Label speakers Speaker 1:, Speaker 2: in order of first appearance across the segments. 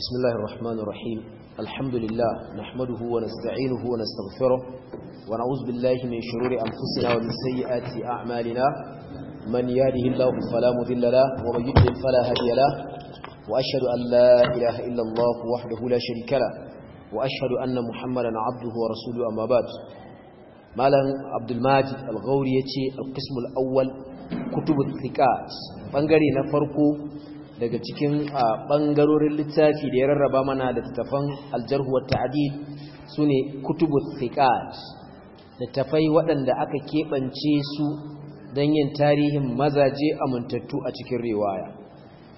Speaker 1: بسم الله الرحمن الرحيم الحمد لله نحمده ونستعينه ونستغفره ونعوذ بالله من شرور أنفسنا ومن سيئات أعمالنا من يهده الله فلا مذل له ومن يضلل فلا هادي له وأشهد أن لا إله إلا الله وحده لا شريك له وأشهد أن محمدا عبده ورسوله أما بعد مالا عبد الماجد الغوري القسم الأول كتب الثقات بانغري نفرقه daga cikin a ɓangarorin littafi da ya rarraba mana da tattafan aljarhu su ne sune kutubu da littafai waɗanda aka keɓance su don yin tarihin mazaje amintattu a cikin riwaya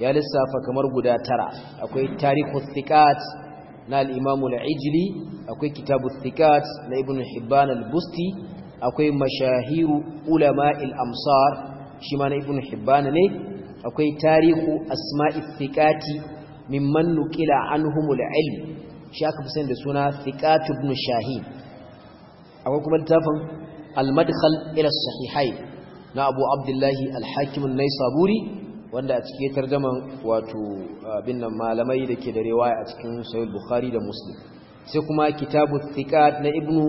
Speaker 1: ya lissafa kamar guda tara akwai tarihu thiqat na al'imamu al akwai kitabu thiqat na ibn hibban al-busti akwai mashahiru il amsar shi ma na ibn hibban ne akwai tarihu asma'i fiƙati mimman nuqila anhumul ilm shi aka fi sani da suna thiqatu ibn shahin akwai kuma littafin al-madkhal ila sahihain na abu abdullahi al-hakim an wanda a cikin tarjaman wato abin nan malamai da ke da rewaya a cikin sahih bukari da muslim sai kuma kitabu thiqat na ibnu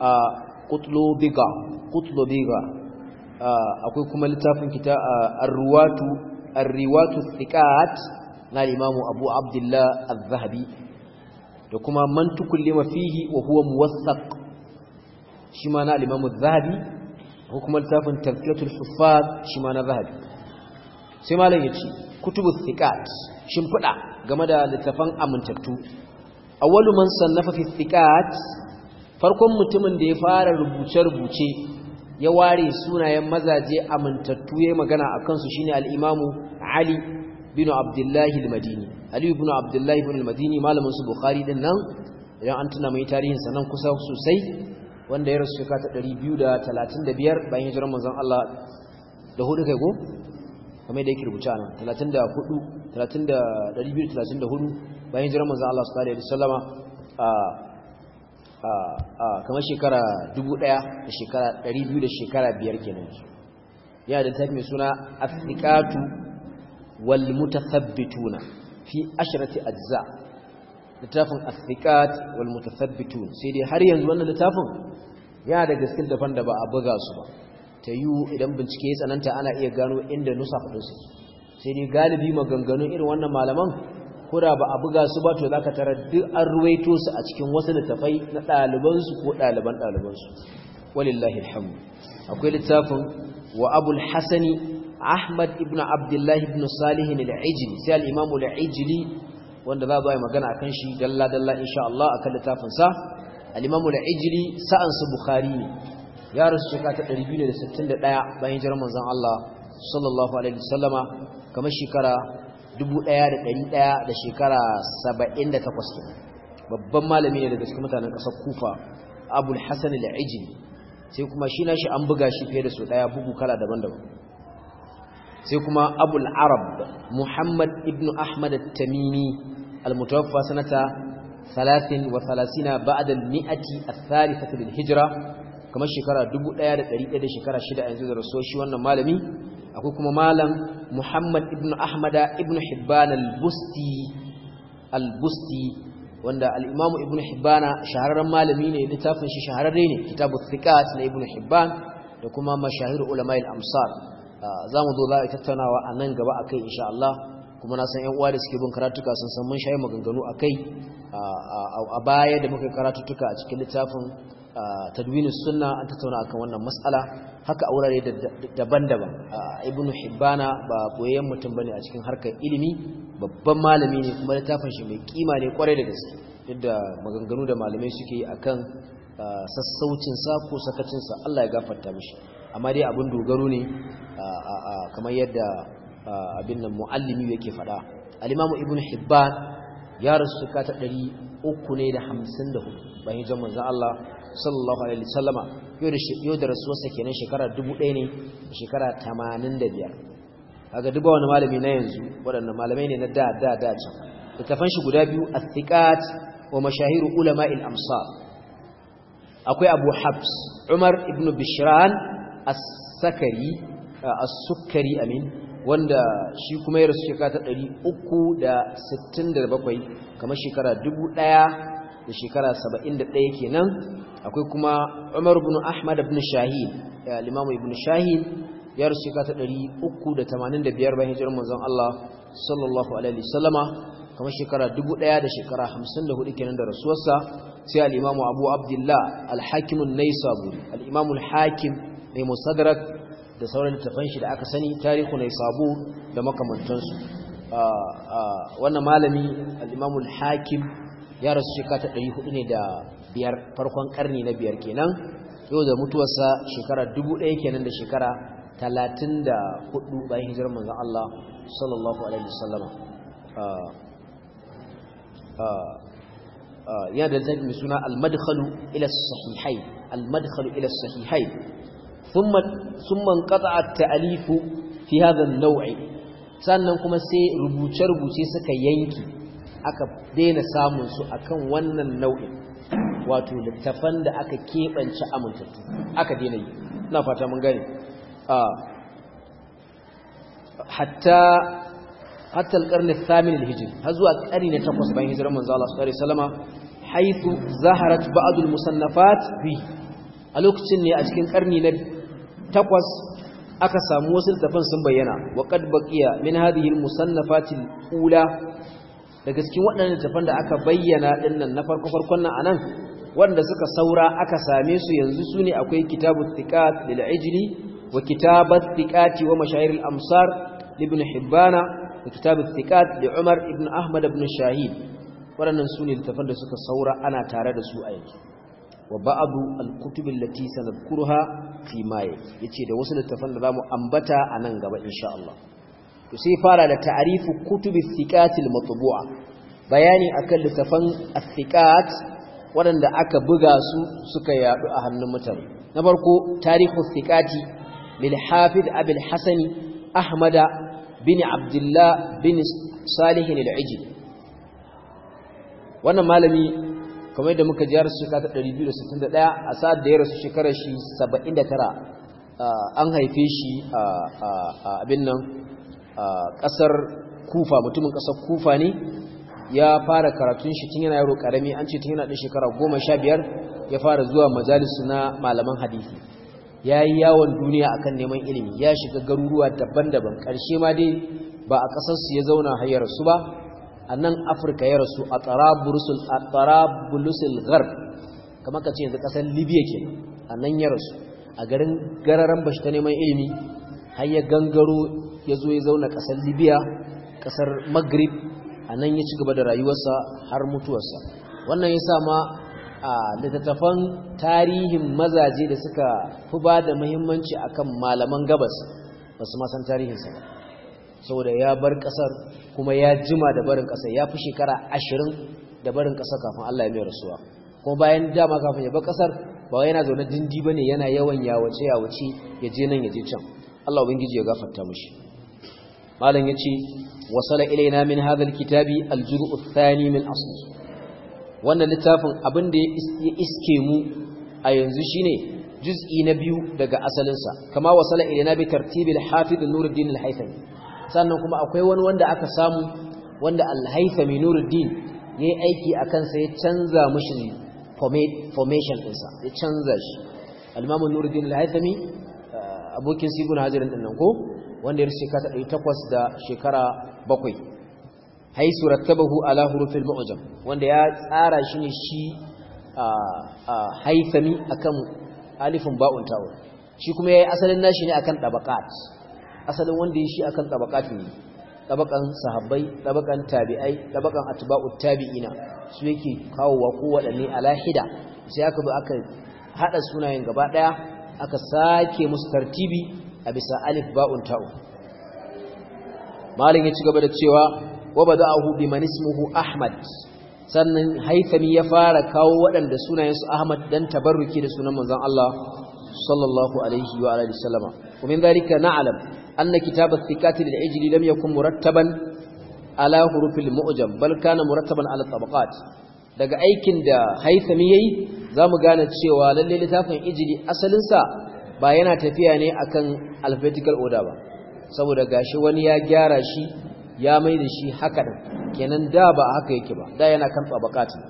Speaker 1: ah, qutlubiga qutlubiga akwai kuma littafin kita arruwatu arriwatu thiqat na imamu abu abdullah az-zahabi da kuma man tukullima fihi wa huwa muwassaq shi ma na al-imamu az-zahabi ko kuma littafin tazkiyatul huffaz shi ma na zahabi sai malam yace kutubu thiqat shimfida game da littafan amintattu awwalu man sannafa fi thiqat farkon mutumin da ya fara rubuce-rubuce ya ware sunayen mazaje amintattu ya magana a kansu shine al'imamu ali bin abdullahi al-madini ali bin abdullahi bin al-madini malamin su bukhari din nan idan an tuna mai tarihin sanan kusa sosai wanda ya rasu shekara ta 235 bayan hijirar manzon Allah da hudu kai ko kamar da yake rubuta nan 34 30 234 bayan hijirar manzon Allah sallallahu alaihi wasallama kamar shekara dubu ɗaya da shekara ɗari biyu da shekara biyar kenan yana da tafi mai suna afrikatu wal mutathabbituna fi ashrati ajza littafin afrikat wal mutathabbitun sai dai har yanzu wannan littafin yana da gaskin daban da ba a buga su ba ta yi idan bincike ya tsananta ana iya gano inda nusa faɗinsu sai dai galibi maganganun irin wannan malaman kura ba a buga su ba to zaka tarar duk an ruwaito su a cikin wasu littafai na ɗalibansu ko ɗaliban ɗalibansu walillahi alhamdu akwai littafin wa abul hasani ahmad ibnu abdullah ibn salih al-ijli sai al-imam al-ijli wanda za a yi magana akan shi dalla dalla insha Allah akan littafin sa al-imam al-ijli sa'an su bukhari ne ya rasu shekara ta 261 bayan hijirar manzon Allah sallallahu alaihi wasallama kamar shekara 1100 da shekara 78 babban malami ne daga cikin mutanen ƙasar kufa abul hassan al sai kuma shi nashi an buga shi fiye da su daya bugu kala daban-daban sai kuma abul arab muhammad ibn ahmad al tamimi al-mutawaffa sanata 33 ba'da al-mi'ati al thalithah lil-hijra kamar shekara 1100 da shekara 6 yanzu da rasul shi wannan malami akwai kuma malam muhammad ibn ahmada ibn hibban al-busti al-busti wanda alimamu ibn hibbana shahararren malami ne littafin shi shahararre ne kitabu thiqat na ibn hibban da kuma mashahir ulama al-amsar ah, mu zo za a tattaunawa a nan gaba akai insha Allah kuma na san 'yan uwa da suke bin karatuka sun san mun shayi maganganu akai ah, a baya da muka karatutuka a cikin littafin tadwini sunna an tattauna akan wannan matsala haka a wurare daban-daban ibnu hibbana ba boyayyen mutum bane a cikin harkar ilimi babban malami ne kuma littafin shi mai kima ne kwarai da gaske duk da maganganu da malamai suke yi akan sassaucin sa ko sakacin sa Allah ya gafarta mishi amma dai abin dogaro ne kamar yadda abin nan muallimi yake faɗa al-imamu ibnu hibban ya rasu ka ta 354 bayan jama'an manzon Allah sallallahu alaihi wasallama yau da yau da rasuwarsa kenan shekara 1000 ne shekara 85 kaga duba wani malami na yanzu waɗannan malamai ne na da da da can littafan shi guda biyu athiqat wa mashahiru ulama'il amsar akwai abu habs umar ibn bishran as-sakari uh, as Sukari amin wanda shi kuma ya rasu shekara ta 367 kamar shekara da shekara saba'in da 71 kenan akwai kuma Umar ibn Ahmad bin Shahin al-Imam ibn Shahin ya rusu shekara 385 bayan hijirar manzon Allah sallallahu alaihi wasallama kamar shekara dubu 1000 da shekara hamsin da hudu kenan da rasuwarsa sai al Abu Abdullah al-Hakim an-Naisaburi al-Imam mai musaddarak da sauran littafan shi da aka sani tarihu Naisabu da makamantansu ah, ah, wannan malami al alhakim. ya rasu shekara ta ɗari hudu ne da biyar farkon karni na biyar kenan yau da mutuwarsa shekara dubu ɗaya kenan da shekara talatin da hudu bayan hijirar manzon Allah sallallahu alaihi wasallam ah, ah, ah, yana da zai mai suna al-madkhalu ila sahihai al-madkhalu ila sahihai thumma thumma qata'a at-ta'lifu fi hadha an-naw'i sannan kuma sai rubuce-rubuce suka yanki aka daina samun su akan wannan nau'in wato littafan da aka keɓance amintattu aka daina yi na fata mun gane hatta hatta alƙarni thamin alhijri har zuwa ƙari na takwas bayan hijirar manzo Allah sallallahu alaihi wasallama haythu zaharat ba'd almusannafat fi a lokacin ne a cikin ƙarni na takwas aka samu wasu littafan sun bayyana wa qad baqiya min hadhihi almusannafat alula daga cikin waɗannan littafan da aka bayyana ɗinnan na farko-farkon nan anan wanda suka saura aka same su yanzu su ne akwai kitabu tiqat lil ijli wa kitabat tiqati wa al amsar ibn hibbana da kitabu tiqat li umar ibn ahmad ibn shahid waɗannan su ne littafan da suka saura ana tare da su a yanzu wa ba'adu al kutub allati sanadkuruha fi ma yace da wasu littafan da mu ambata anan gaba insha Allah to sai fara da ta'arifu kutubi thiqatil matbu'a bayani akan littafan athiqat waɗanda aka buga su suka yadu a hannun mutane na farko tarihu thiqati lil hafid abul hasani ahmada bin abdullah bin salih al-ijli wannan malami kamar da muka jiyar shekara 261 a sa'ad da ya rasu shekarar shi 79 an haife shi a abin nan ƙasar kufa mutumin kasar kufa ne ya fara karatun shi tun yana yaro karami an ce tun yana ɗin shekara goma sha biyar ya fara zuwa majalisu na malaman hadisi ya yi yawon duniya a kan neman ilimi ya shiga garuruwa daban-daban ƙarshe ma dai ba a ƙasarsu ya zauna hayar su ba a nan afirka ya rasu a tsarabulusul ghar kamar ka ce yanzu ƙasar libya ke a nan ya rasu a garin gararan bashi ta neman ilimi har gangaro ya zo ya zauna ƙasar libya ƙasar maghrib a nan ya ci gaba da rayuwarsa har mutuwarsa wannan ya sama a littattafan tarihin mazaje da suka fi ba da muhimmanci a kan malaman gabas ba su masan tarihinsa ba saboda ya bar ƙasar kuma ya jima da barin ƙasar ya fi shekara ashirin da barin ƙasar kafin allah ya mai rasuwa kuma bayan dama kafin ya bar ƙasar ba yana zaune dindi ba ne yana yawan yawace yawace ya je nan ya je can allah ubangiji ya gafarta mushi malam yace wasala ilaina min hadha kitabi aljuz'u athani min asl wannan littafin abin da ya iske mu a yanzu shine juz'i na biyu daga asalinsa kama wasala ilaina bi tartibi alhafiz nuruddin alhaythami sannan kuma akwai wani wanda aka samu wanda alhaythami nuruddin yayi aiki akan sa ya canza mushin formation ɗinsa ya canza shi al-imamu nuruddin al uh, abokin sibul hajarin ɗin nan ko wanda ya shekara ta takwas da shekara bakwai haisu rattabahu ala hurufil mu'jam wanda ya tsara shi ne shi akan alifin ba'un tawun shi kuma yayi asalin nashi ne akan tabaqat asalin wanda yi shi akan tabaqat ne ɗabaƙan sahabbai ɗabaƙan tabi'ai tabakan atba'ut tabi'ina su yake kawowa ko a lahida sai aka bi aka haɗa sunayen gaba ɗaya aka sake musu tartibi a bisa alif ba'un ta'u malin ya ci gaba da cewa wabada bada'ahu bi man ismuhu ahmad sannan haifami ya fara kawo waɗanda sunayensu ahmad dan tabarruki da sunan manzon Allah sallallahu alaihi wa alihi sallama wa min dhalika na'lam anna kitab ath lil-ijli lam yakun murattaban ala hurufil mu'jam bal kana murattaban ala tabaqat daga aikin da haifami yayi zamu gane cewa lalle littafin ijli asalin sa ba yana tafiya ne akan alphabetical order ba saboda gashi wani ya gyara shi ya mai da shi haka da, kenan da ba haka yake ba da yana kan tabaqati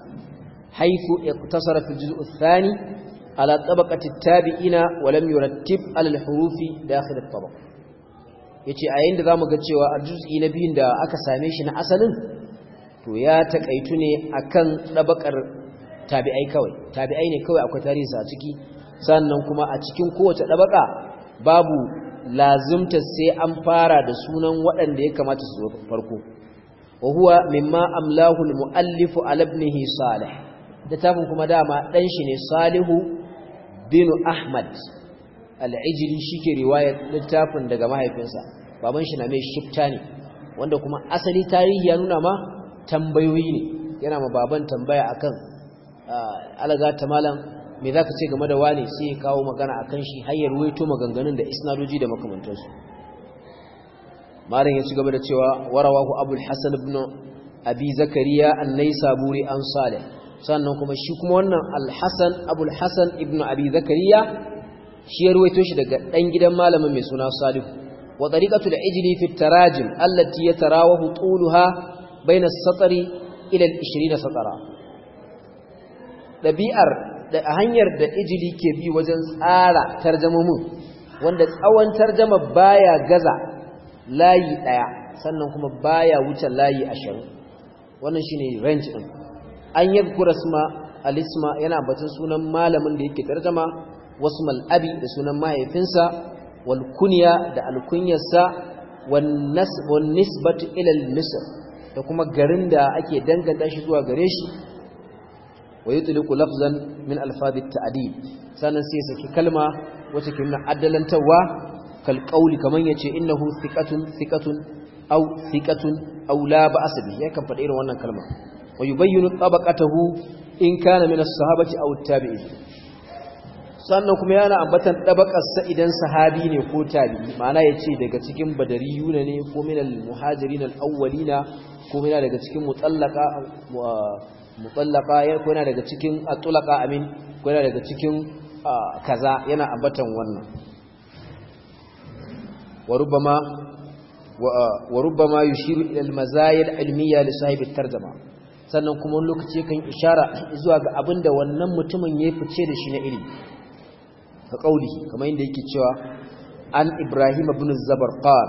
Speaker 1: haythu iqtasara fi juz'u thani ala tabaqati tabi'ina walam yurattib al-hurufi da at-tabaq yace a yayin da za mu ga cewa a juz'i na biyun da aka same shi na asalin to ya takaitu ne akan tabaqar tabi'ai kawai tabi'ai ne kawai akwai tarihi a ciki sannan kuma a cikin kowace ɗabaka babu lazumta sai an fara da sunan waɗanda ya kamata su farko wa huwa mimma amlahu almuallifu ala ibnihi salih littafin kuma dama dan shi ne salihu bin ahmad al-ijri shike riwaya littafin daga mahaifinsa baban shi na mai shifta ne wanda kuma asali tarihi ya nuna ma tambayoyi ne yana ma baban tambaya akan ah, alaga ta me za ka ce game da wane sai ya kawo magana a kan shi hanyar waito maganganun da isnadoji da makamantansu malam ya ci gaba da cewa warawahu abul hasan ibn abi zakariya An-naisaburi an salih sannan kuma shi kuma wannan al-hasan abul hasan ibn abi zakariya shi ya ruwaito shi daga dan gidan malamin mai suna salihu wa tariqatu da ijli fi tarajim allati yatarawahu tuluha bayna as-satri ila al-20 satara dabi'ar da hanyar da ijili ke bi wajen tsara tarjamamin wanda tsawon tarjama baya gaza layi ɗaya sannan kuma baya wuce layi ashirin wannan shi ne range ɗin. an kurasma sma alisma yana batun sunan malamin da yake tarjama wasu mal'abi da sunan mahaifinsa walkuniya da alkunyarsa wannis batu nisbatu da kuma garin da ake danganta shi zuwa gare shi wa yutliqu lafzan min alfaz ta'adi tadib sanan sai saki kalma wacce ke nuna adalantawa kal kaman yace innahu thiqatun thiqatun aw thiqatun aw la ba'as bi yakan faɗi irin wannan kalma wa yubayyinu tabaqatahu in kana min as-sahabati aw at-tabi'in sannan kuma yana ambatan tabaqarsa idan sahabi ne ko tabi'i ma'ana yace daga cikin badariyuna ne ko min al-muhajirin ko mina daga cikin mutallaka mutsallaka ya kuna daga cikin atulaka amin kuna daga cikin kaza yana ambatan wannan warubama warubama yushiru ila almazaya alilmiya li sahibi tarjuma sannan kuma lokaci kan ishara zuwa ga abinda wannan mutumin ya fice da shi na ilimi ka kauli kamar yadda yake cewa an ibrahim ibn zabarqan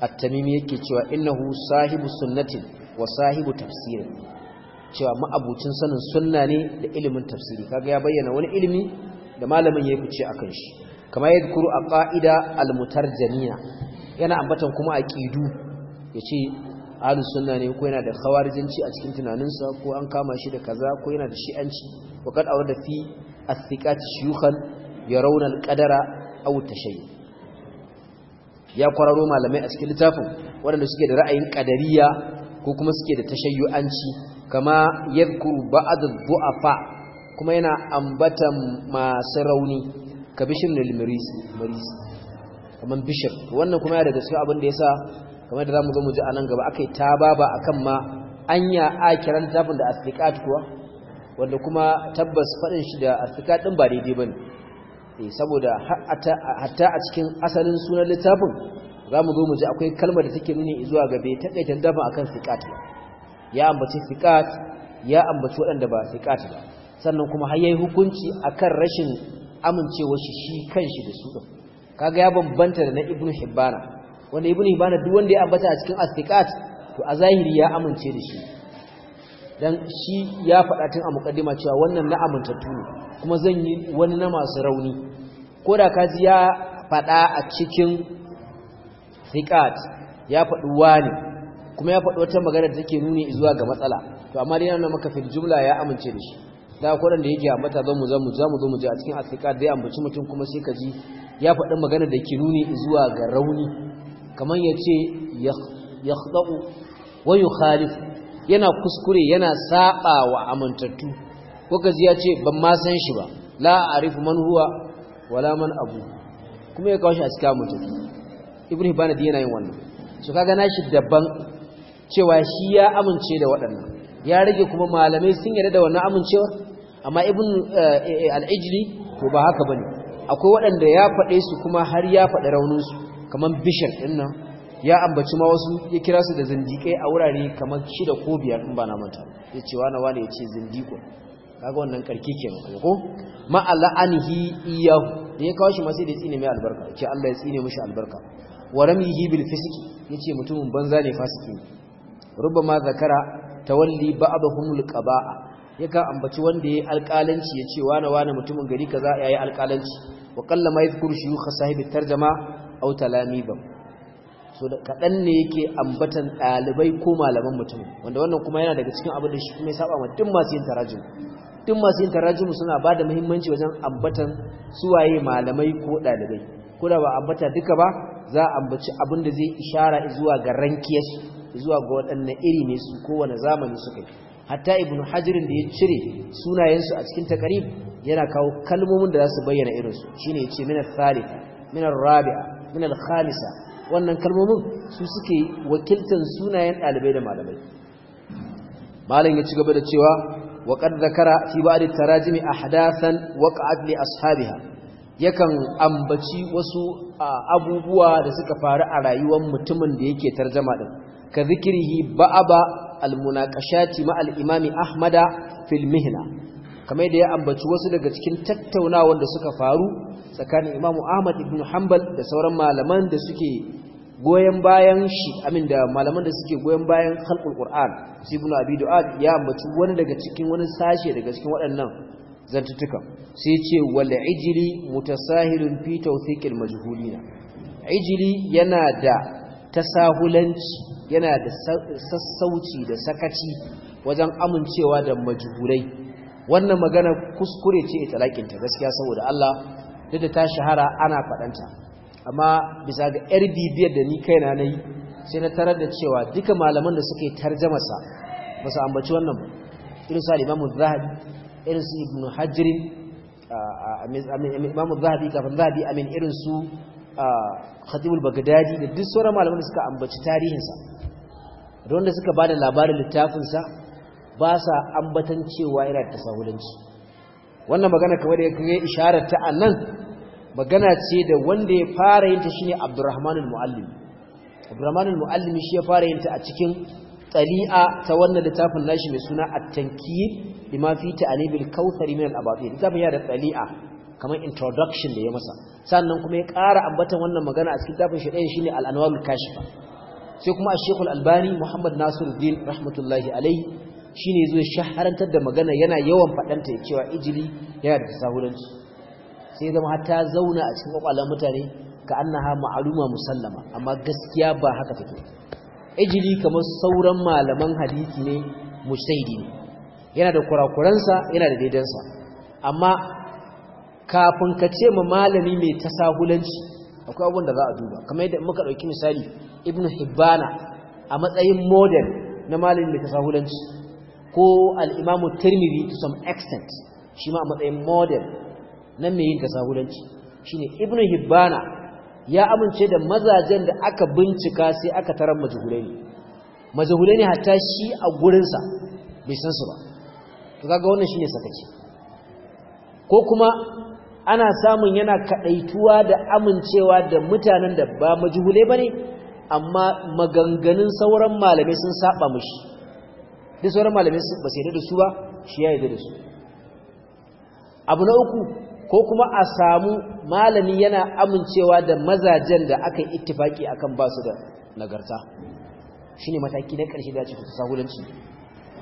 Speaker 1: at-tamimi yake cewa innahu sahibu sunnatin wa sahibu tafsirin cewa ma'abucin sanin sunna ne da ilimin tafsiri kaga ya bayyana wani ilimi da malamin ya fice akan shi kama ya kuru a ƙa'ida janiya yana ambatan kuma aqidu yace ahlus sunna ne ko yana da khawarijinci a cikin tunaninsa ko an kama shi da kaza ko yana da shi'anci wa qad awada fi athiqat shuyukhan yarawna aw tashayyu ya kwararo malamai a cikin littafin waɗanda suke da ra'ayin ƙadariya, ko kuma suke da tashayyu'anci kama Yankuru, ba'd ad kuma yana ambatan masu rauni ka bishir al limaris kamar bishir wannan kuma ya daga cikin abin da sa kamar da zamu zo mu ji nan gaba ba a kan ma anya a kiran tafin da asliqat kuwa wanda kuma tabbas faɗin shi da asliqat ɗin ba daidai ba eh saboda hatta a cikin asalin sunan littafin za mu zo mu ji akwai kalmar da take nuni zuwa gabe ta kaitan dafa kan asliqat ya ambaci sikat ya ambaci waɗanda ba sikat ba sannan kuma har yayi hukunci akan rashin amincewa shi shi kanshi da su din kaga ya bambanta da na ibnu hibbana wanda ibnu hibbana duk wanda ya ambata a cikin as to a zahiri ya amince da shi dan shi ya faɗa tun a mukaddima cewa wannan na amintattu ne kuma zan yi wani na masu rauni ko da kaji ya faɗa a cikin sikat ya faɗuwa ne. kuma ya faɗi wata magana da take nuni zuwa ga matsala to amma dai yana maka fil jumla ya amince da shi da ko da yake a zo mu zo mu zo mu zo je a cikin asika dai ambaci mutum kuma sai ka ji ya faɗi magana da ke nuni zuwa ga rauni kamar yace yakhda'u wa yukhalif yana kuskure yana saba wa amintattu ko kaji ya ce ban ma san shi ba la a'rifu man huwa wala man abu kuma ya kawo shi a cikin mutum ibnu hibana dai yana yin wannan so kaga nashi daban cewa shi ya amince da waɗannan ya rage kuma malamai sun yarda da wannan amincewa amma ibn eh, eh, al-ijli to ba haka ne akwai waɗanda ya faɗe su kuma har ya faɗi rauninsu kamar bishir ɗin nan ya ambaci ma wasu ya kira su da zindiƙai a wurare kamar shida ko biyar in ba na manta ya ce na wani ya ce zindiƙo kaga wannan ƙarki kenan ko ma ala'anihi iyahu da ya kawo shi masu da tsine mai albarka ce Allah ya tsine mishi albarka wa ramihi bil fisiki yace mutumin banza ne fasiki ربما zakara تولي بعضهم القباء yaka ambaci wanda yayi alƙalanci yace wani wani mutumin gari kaza yayi alƙalanci wa qallama yadhkuru shuyukh sahibi tarjuma aw talamibam so da kadan ne yake ambatan dalibai ko malaman mutum wanda wannan kuma yana daga cikin abin da shi kuma ya saba ma duk masu yin tarajum duk masu yin tarajum suna bada muhimmanci wajen ambatan suwaye malamai ko dalibai ko da ba ambata duka ba za a ambaci abin da zai ishara zuwa ga rankiyarsu zuwa ga waɗanne iri ne su kowane zamani suka fi. hatta ibn hajirin da ya cire sunayensu a cikin takarib yana kawo kalmomin da za su bayyana irinsu shine ya ce minar thalitha minar rabi'a minar Khalisa, wannan kalmomin su suke wakiltar sunayen ɗalibai da malamai malam ya ci gaba da cewa وقد ذكر في بعض التراجم أحداثا وقعت ya yakan ambaci wasu abubuwa da suka faru a rayuwar mutumin da yake tarjama din ka zikirihi ba'aba almunaqashati ma al-imami ahmada fil mihna kamar da ya ambaci wasu daga cikin tattaunawa da suka faru tsakanin imamu ahmad ibn hanbal da sauran malaman da suke goyen bayan shi amin da malaman da suke goyen bayan khalqul qur'an sai ibn abi du'ad ya ambaci wani daga cikin wani sashe daga cikin waɗannan zantutuka sai ce wal ijli mutasahilun fi tawthiqil majhulina ijli yana da tasahulanci yana da sassauci da sakaci wajen amincewa da majhurai wannan magana kuskure ce talakin ta gaskiya saboda Allah duk da ta shahara ana fadanta amma bisa ga yar bibiyar da ni kaina nayi sai na tarar da cewa duka malaman da suke tarjama sa ba su ambaci wannan ba irin su al-Imam zahabi irin su Ibn Hajar Imam zahabi kafin Zahabi amin irin su Khatib al-Baghdadi da duk sauran malaman da suka ambaci tarihinsa da wanda suka bada labarin littafinsa ba sa ambatan cewa yana da sahulanci wannan magana kamar da ya isharar ta nan magana ce da wanda ya fara yin ta shine Abdurrahman al-Muallim Abdurrahman al-Muallim shi ya fara yin ta a cikin tali'a ta wannan littafin nashi mai suna at-tankir lima fi ta'lib al-kautsar min al littafin ya da tali'a kamar introduction da ya masa sannan kuma ya ƙara ambatan wannan magana a cikin littafin shi ɗaya shine al-anwarul kashifa sai kuma a shekul albani muhammad nasiruddin rahmatullahi alaihi shi ne zuwa shaharantar da magana yana yawan faɗanta ya cewa ijili yana da sahulanci sai zama hata zauna a cikin kwakwalar mutane ka annaha ma'aluma musallama amma gaskiya ba haka take ijili kamar sauran malaman hadisi ne mujtahidi ne yana da kurakuransa yana da daidansa amma kafin ka ce ma malami mai tasahulanci akwai abin da za a duba kamar yadda muka ɗauki misali ibnu hibbana a matsayin model na malin da tasahulanci ko al'imamu tirmidhi to some extent shi ma a matsayin model na mai yin tasahulanci shine ibnu hibbana ya amince da mazajen da aka bincika sai aka tarar majhulai ne majhulai ne hatta shi a gurinsa bai san su ba to kaga wannan shine sakaci ko kuma ana samun yana kadaituwa da amincewa da mutanen da ba ba ne, amma maganganun sauran malamai sun saba mushi duk sauran malamai ba su yi da su ba shi ya yi da su abu na uku ko kuma a samu malami yana amincewa da mazajen da aka yi ittifaki akan ba su da nagarta ne mataki na ƙarshe da ya ce sahulanci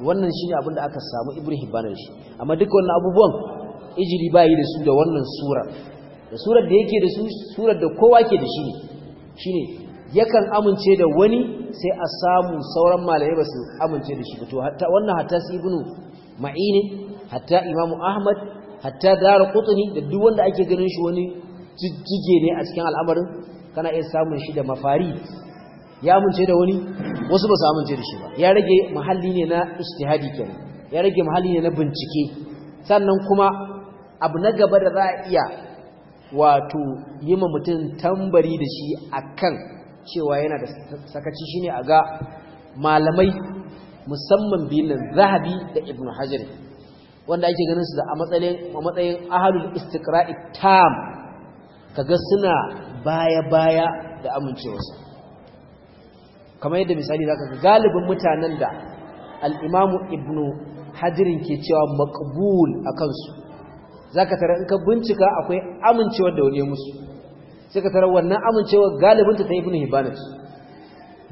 Speaker 1: wannan ne abin da aka samu Ibrahim Hibban shi amma duka wannan abubuwan ijili ba yi da su da wannan surar da surar da yake da su surar da kowa ke da shi ne shi ne yakan amince da wani sai a samu sauran malaye ba su amince da shi ba to wannan hatta su ibnu ma'ini hatta imamu ahmad hatta dara kutuni da duk wanda ake ganin shi wani jijjige ne a cikin al'amarin kana iya samun shi da mafari ya amince da wani wasu ba su amince da shi ba ya rage mahalli ne na ijtihadi kenan ya rage mahalli ne na bincike sannan kuma abu na gaba da za a iya wato yi ma mutum tambari da shi a kan cewa yana da sakaci shine a ga malamai musamman biyun zahabi da ibn hajjari wanda ake ganin su da a matsayin ahalul istikra'i tam, ka tam kaga suna baya baya da amincewarsa kamar yadda misali zaka ga galibin mutanen da al-imamu ibn hajjari ke cewa makabul a kansu. za ka tara in ka bincika akwai amincewar da wani ya musu sai ka tara wannan amincewar galibinta ta ibn hibana su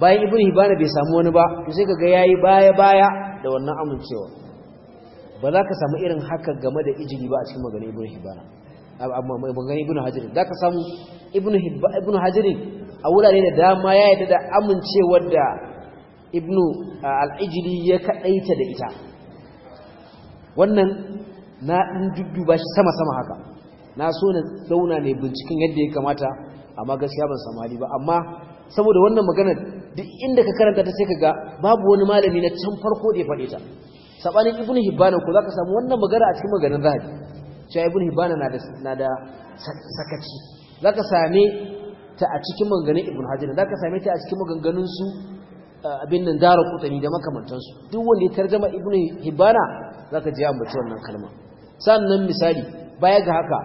Speaker 1: bayan ibn hibana bai samu wani ba to sai ka ga yayi baya baya da wannan amincewa ba za ka samu irin haka game da ijini ba a cikin maganin ibn hibana maganar ibn hajar za ka samu ibn hajar a wurare da dama ya yadda da amincewar da ibn al ya kadaita da ita wannan na ɗin dudduba shi sama-sama haka na so na zauna ne binciken yadda ya kamata amma gaskiya ban samari ba amma saboda wannan magana duk inda ka karanta ta sai ka ga babu wani malami na can farko da ya faɗe ta sabanin ibn Hibbana ko zaka samu wannan magana a cikin maganar zahabi cewa ibn Hibbana na da na da sakaci zaka same ta a cikin maganganun ibn za zaka same ta a cikin maganganun su eh, abin nan dara kutani da makamantansu duk wanda ya tarjama ibn hibbana zaka ji ambaci wannan kalma sannan misali baya ga haka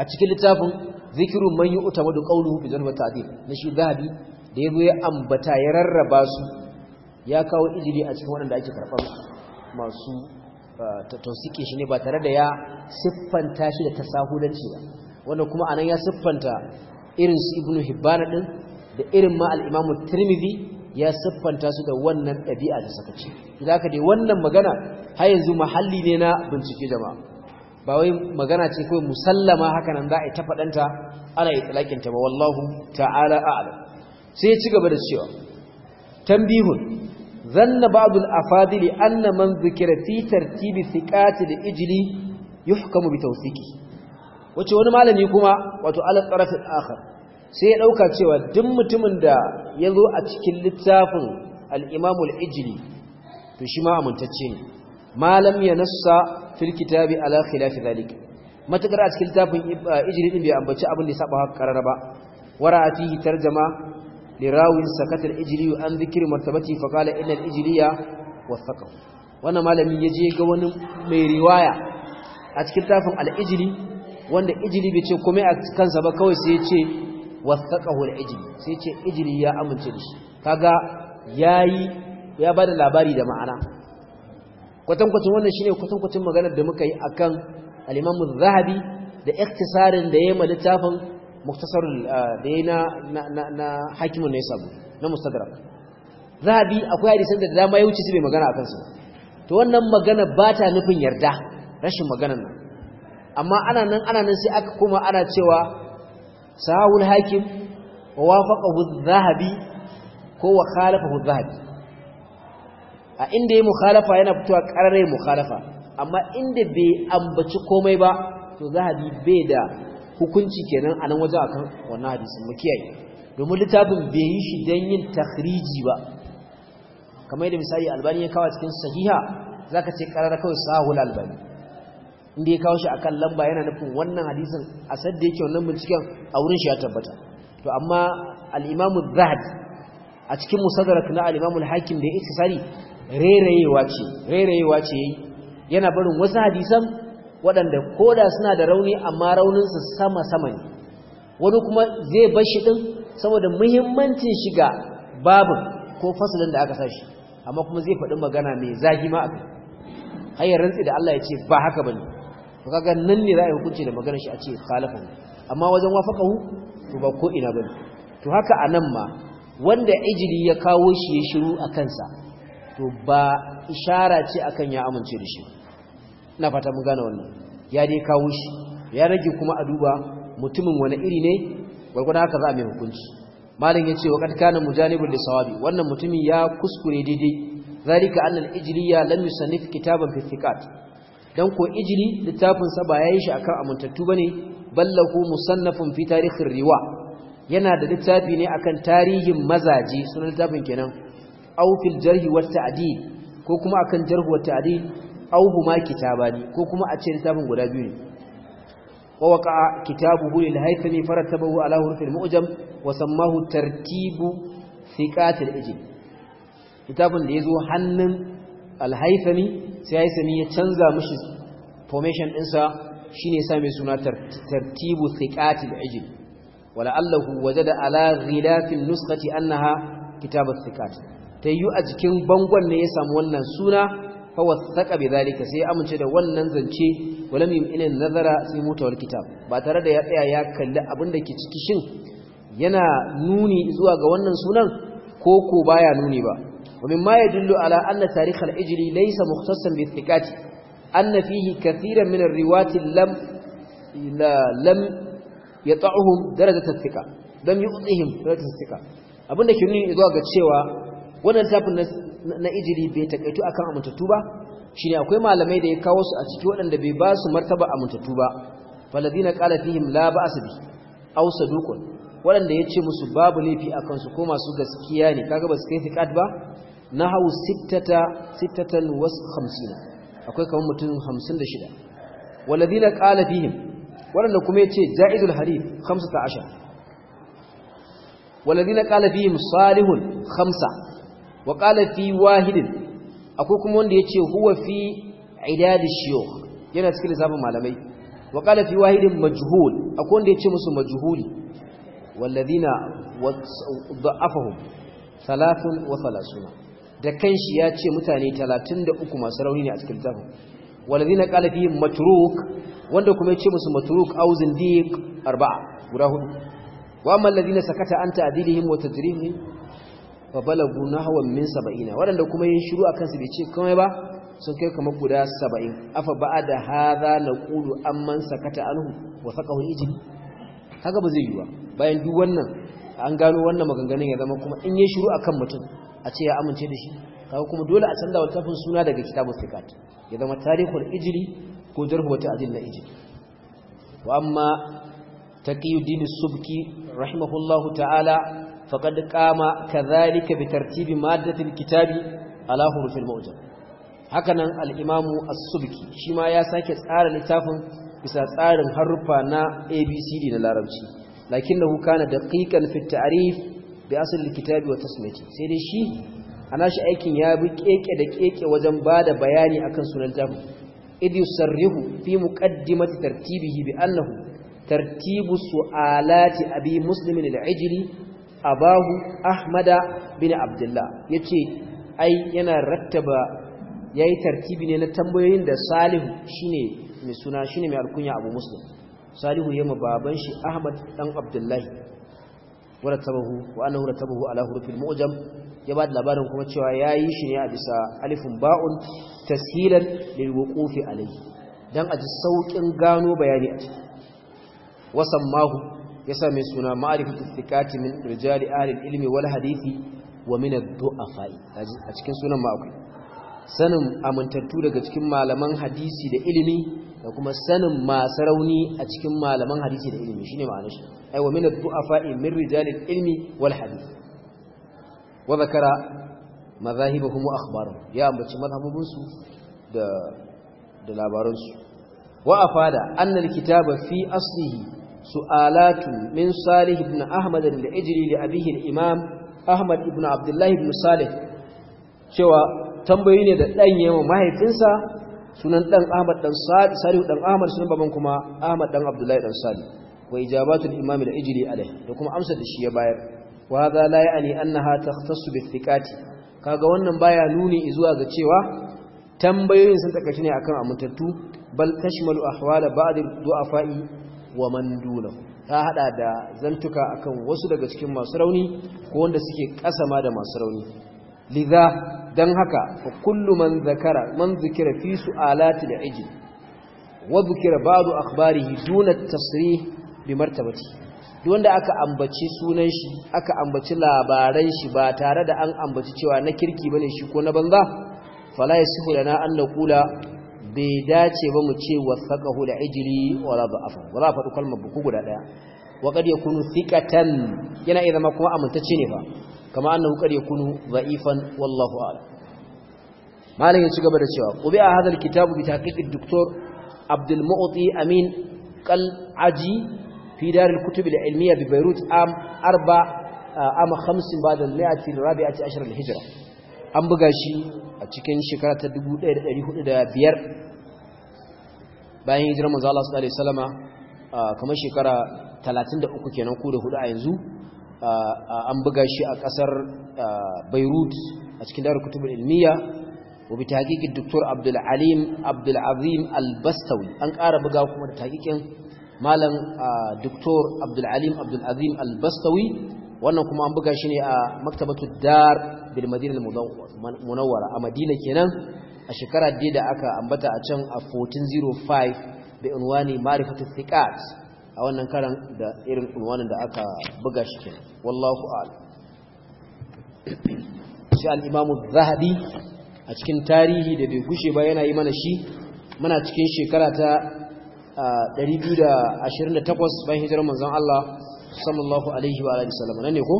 Speaker 1: a cikin littafin zikiru man yi utama da ƙaunuhu bi zarfa ta'adil na shi zahabi da ya ya ambata ya rarraba su ya kawo izini a cikin waɗanda ake karɓar masu ah, tausike shi ne ba tare da ya siffanta shi da tasahulanci ba wanda kuma anan ya siffanta irin su ibnu hibbana ɗin da irin ma al-imamu ya siffanta su da wannan ɗabi'a ta sakaci idan ka dai wannan magana har yanzu mahalli ne na bincike jama'a ba wai magana ce kawai musallama haka nan za a yi ta faɗanta ana yi tsalakinta ba wallahu ta'ala a'lam sai ya ci gaba da cewa tambihun zanna ba'dul afadili anna man zikira fi tartibi thiqati da ijli yuhkamu bi tawthiqi wace wani malami kuma wato ala tarafin akhar sai ya ɗauka cewa duk mutumin da ya zo a cikin littafin al'imamul ijili to shi ma amintacce ne malam ya nasa fil kitabi ala khilafi zalik matakar a cikin littafin ah, ijili din bai ambaci abin da ya saba haka karara ba wara fihi tarjama da rawin sakatar ijili an zikir martabati faƙala qala ijiliya al ijliya yaje ga wani mai riwaya a cikin littafin al'ijili wanda ijili bai ce komai a kansa ba kawai sai ya ce wasaqahu al-ijli sai ce ijli ya amince da shi kaga yayi ya bada labari da ma'ana kwatankwacin wannan shine kwatankwacin maganar da muka yi akan al-Imam zahabi da ikhtisarin da yayi littafin muktasar ah, da yayi na na na hakimun sabu na mustadrak zahabi akwai hadisan da dama ya wuce su bai magana akan su to wannan magana ba ta nufin yarda rashin maganar nan amma ana nan ana nan sai aka kuma ana cewa sawul hakim wa wafaqahu adh-dhahabi ko wa khalafahu adh-dhahabi a inda yayi mukhalafa yana fitowa qarare mukhalafa amma inda bai ambaci komai ba to zahabi bai da hukunci kenan a nan akan wannan hadisin mu kiyaye domin littafin bai yi shi dan yin takhriji ba kamar yadda misali albani ya kawo cikin sahiha zaka ce qarara kawai sahul albani inda ya kawo shi kan lamba yana nufin wannan hadisin a sadda yake wannan binciken a wurin shi ya tabbata to amma al'imamu zahad a cikin musadarak na al'imamu imamu da hakim da iktisari rerayewa ce rerayewa ce yana barin wasu hadisan waɗanda koda suna da rauni amma rauninsu sama sama ne wani kuma zai bar shi ɗin saboda muhimmancin shiga babin ko fasalin da aka sa shi amma kuma zai faɗi magana mai zahi ma a kai har rantsi da Allah ya ce ba haka ba ne. kaga nan ne za hukunci da maganar shi a ce khalafa amma wajen wafaqahu to ba ko ina bane to haka anan ma wanda ijli ya kawo shi ya shiru a kansa to ba ishara ce akan ya amince da shi ina fata mun gane wannan ya dai kawo shi ya rage kuma a duba mutumin wani iri ne gwargwadon haka za a mai hukunci malin ya ce waƙar kanin mujanibin da sawabi wannan mutumin ya kuskure daidai zalika annal ijliya lam yusannif kitaban fi dan ko ijili littafin sa ba yayi shi akan amintattu bane ballahu musannafun fi tarikhir riwa yana da littafi ne akan tarihin mazaji sunan littafin kenan aw fil jarhi wa ta'dil ko kuma akan jarh wat ta'dil aw huma kitabani ko kuma a ce littafin guda biyu ne wa waqa'a kitabuhu lil haythami farattabahu ala hurfil mu'jam wa sammahu tartibu thiqatil ijli littafin da yazo hannun al haythami sai ya sami ya canza mishi formation ɗinsa shi ne sami suna tartibu thiqatil ijil wala allahu da ala ghilafin nuskati annaha kitabar ta yi a jikin bangon ne ya samu wannan suna saka bai zalika sai amince da wannan zance mai ilin nazara sai mutawar kitab ba tare da ya tsaya ya kalli abin da ke ciki shin yana nuni zuwa ga wannan sunan ko ko baya nuni ba ومما يدل على أن تاريخ الإجري ليس مختصا بالثقات أن فيه كثيرا من الرواة لم لا لم يطعهم درجة الثقة لم يؤذهم درجة الثقة abinda ke nuni zuwa ga cewa wannan tafin na ijiri bai takaitu akan amintattu ba shine akwai malamai da ya kawo su a ciki waɗanda bai basu martaba amintattu ba faladina qala fihim la ba'sa bi aw saduqun waɗanda ya ce musu babu laifi a kansu ko masu gaskiya ne kaga ba su kai thiqat ba Nahau sittata sittatan was khamsina akwai kamar mutum hamsin da shida qala fihim waɗanda kuma yace jaizul hadith khamsata ashar qala fihim salihun khamsa wa qala fi wahidin akwai kuma wanda yace huwa fi idadish shuyukh yana cikin lissafin malamai wa qala fi wahidin majhul akwai wanda yace musu majhuli walladina da'afahum thalathun wa da kanshi ya ce mutane 33 masu rauni ne a cikin tafi walazina zina kalafi matruk wanda kuma ya ce musu matruk auzin dik arba'a guda hudu wa amma alladhina sakata an ta'dilihim wa tadrihim fa balagu nahwan min 70 waɗanda kuma yin shiru akan su bai ce komai ba sun kai kamar guda 70 afa ba'da hadha naqulu amman sakata anhu wa saqahu ijli haka ba zai yiwa bayan duk wannan an gano wannan maganganun ya zama kuma in yin shiru akan mutum a ce ya amince da shi kaga kuma dole a canza wata tafin suna daga kitabu sikat ya zama tarihul ijiri ko jarhu wata adil na ijiri wa amma ta taqiyuddin subki rahimahullahu ta'ala ƙama ka zalika bi tartibi maddatil kitabi ala hurufil hakanan al-imamu subki shi ma ya sake tsara littafin bisa tsarin haruffa na abcd na larabci lakin kana daqiqan fi at-ta'rif bi asalin kitabi wa tasmiti sai dai shi ana shi aikin ya bi keke da keke wajen bada bayani akan sunan littafin id sarrihu fi muqaddimati tartibihi bi annahu tartibu su'alati abi muslim al-ijli abahu ahmada bin abdullah yace ai yana rattaba yayi tartibi ne na tambayoyin da salihu shine mai suna shine mai alkunya abu muslim salihu yema baban shi ahmad dan abdullahi ورتبه وانه رتبه على ya ba da labarin kuma cewa ya yi shi ne a bisa alifun ba'un tasilan lilwuqufi alayhi dan ji sauƙin gano bayani a ciki wasammahu yasa mai suna ma'rifatu thiqati min rijali ahli ilmi wal hadithi wa min ad-du'afa a cikin sunan ma'aqi sanin amintattu daga cikin malaman hadisi da ilimi da kuma sanin masu rauni a cikin malaman hadisi da ilimi shine ma'anar shi ai wa min ad min rijalil ilmi wal hadith wa zakara madhahibuhum wa akhbaruhum ya ambaci madhabubun su da da labaran su wa afada anna al-kitaba fi aslihi su'alatu min salih ibn ahmad al-ajri li abihi al-imam ahmad ibn abdullah ibn salih cewa tambayoyi ne da ɗan wa mahaifinsa sunan ɗan ahmad ɗan salihu ɗan ahmad sunan baban kuma ahmad ɗan abdullahi ɗan salihu wa ijabatul imam da ijili alai da kuma amsa da shi ya bayar wa hadha la ya'ni annaha takhtassu bi thiqati kaga wannan baya nuni zuwa ga cewa tambayoyin sun takaci ne akan amintattu bal tashmalu ahwala ba'd du'afa'i wa man dunahu ta hada da zantuka akan wasu daga cikin masu rauni ko wanda suke kasama da masu rauni liza don haka fa kullu man zakara man zikira fi da ijl wa zikira ba'du akhbarihi duna tasrih bi martabati duk wanda aka ambaci sunan shi aka ambaci labaran shi ba tare da an ambaci cewa na kirki bane shi ko na banza fala yasihu na an kula bai dace ba mu ce wasaqahu da ijli wala da'afa la fadu kalmar buku guda daya wa qad yakunu thiqatan yana iya zama kuma amintacce ne fa kama annahu qad yakunu dha'ifan wallahu a'lam malam ya ci gaba da cewa qubi a hadal kitabu bi tahqiqi doktor abdul mu'ti amin qal aji fi dar al kutub al ilmiya bi beirut am arba ah, am 50 ba'da al mi'ati al rabi'ati ashr al hijra an buga shi a cikin shekara ta 1405 bayan hijirar manzo Allah sallallahu alaihi wasallama ah, kamar shekara 33 kenan ko da hudu a yanzu an buga shi a kasar beirut a cikin darar kutubul ilmiya wa bi tahqiqi doktor abdul alim abdul an ƙara buga kuma da tahqiqin malam doktor abdul alim abdul wannan kuma an buga shi ne a maktabatu dar bil madina al munawwara a madina kenan a shekara da aka ambata a can a 1405 bi unwani ma'rifatu thiqat a wannan karan da irin unwanin da aka buga shi ke wallahu a'lam sai al-imamu a cikin tarihi da bai gushe ba yana yi mana shi muna cikin shekara ta 228 bayan hijirar manzan Allah sallallahu alaihi wa alaihi wasallam nan ne ko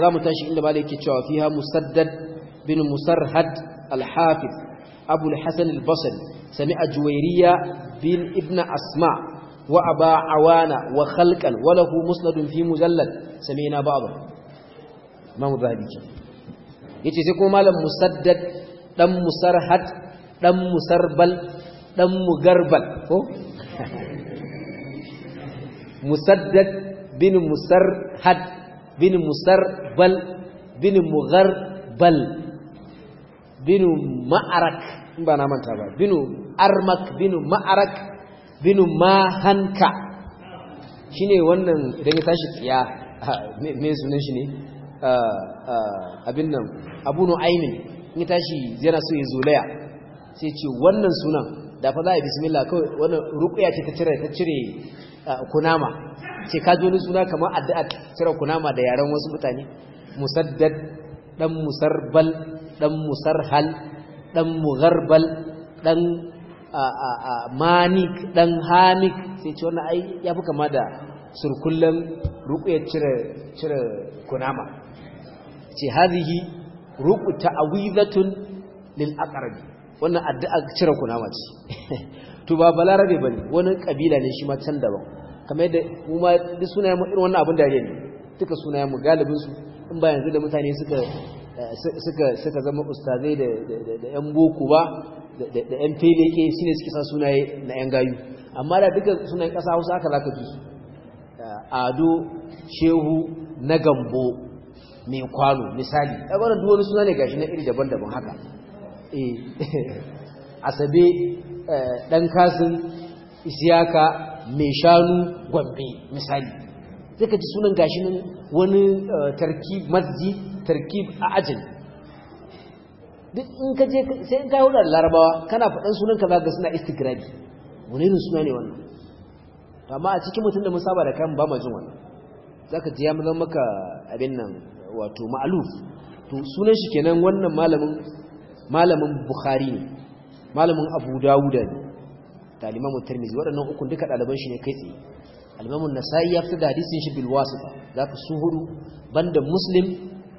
Speaker 1: za mu tashi inda da yake cewa ha musaddad bin Musar al-hafiz abul Hassan al-basri سمع جويرية بن ابن أسماء وأبا عوانا وخلقا وله مسند في مجلد سمعنا بعضا ما هو ذلك يتي سيكو مالا مسدد دم مسرحد دم مسربل دم مغربل مسدد بن مسرحد بن مسربل بن مغربل بن معرك in ba na manta ba binu armak binu ma'arak binu mahanka shine wannan idan ya tashi tsiya mai sunan shi ne ah, ah, abin nan abu ainihin in ya tashi yana so ya zolaya sai ce wannan sunan da fa za a yi bismillah kawai wannan rukuya ce ta cire ta cire ah, kunama ce ka ji suna kamar addu'a cire kunama da yaren wasu mutane musaddad dan musarbal dan musarhal ɗan mugharbal ɗan manik ɗan hamik sai ce wannan ai ya fi kama da surkullen ruƙuyar cire cire kunama ce hazihi ruku ta'awizatun lil aqrabi wannan addu'a cire kunama ce to ba balarabe bane wani kabila ne shi ma can daban kamar yadda kuma duk sunayen irin wannan abin da ne duka sunayen mu galibin su in ba yanzu da mutane suka Eh, suka zama ustazai da yan boko ba da yan feleke shine suke sa sunaye na yan gayu amma da duka sunayen kasa Hausa haka zaka ji eh, ado shehu na gambo mai kwano misali duk wani suna ne gashi na iri daban-daban haka eh, asabe ɗan kasin isiyaka mai shanu gombe misali zai ka ji sunan gashi wani tarki masjid tarkib a ajin duk in ka je sai in ka hudar larabawa kana faɗan sunan ka zaka suna istigrabi wani irin suna ne wannan amma a cikin mutum da mun saba da kan ba ma jin wannan zaka ji ya mu zama maka abin nan wato ma'aluf to sunan shi kenan wannan malamin malamin bukhari ne malamin abu dawuda ne da limamu tirmizi waɗannan hukun duka ɗaliban shi ne kai tsaye alimamun nasa'i ya fi da hadisin shi bilwasita za ka su hudu banda muslim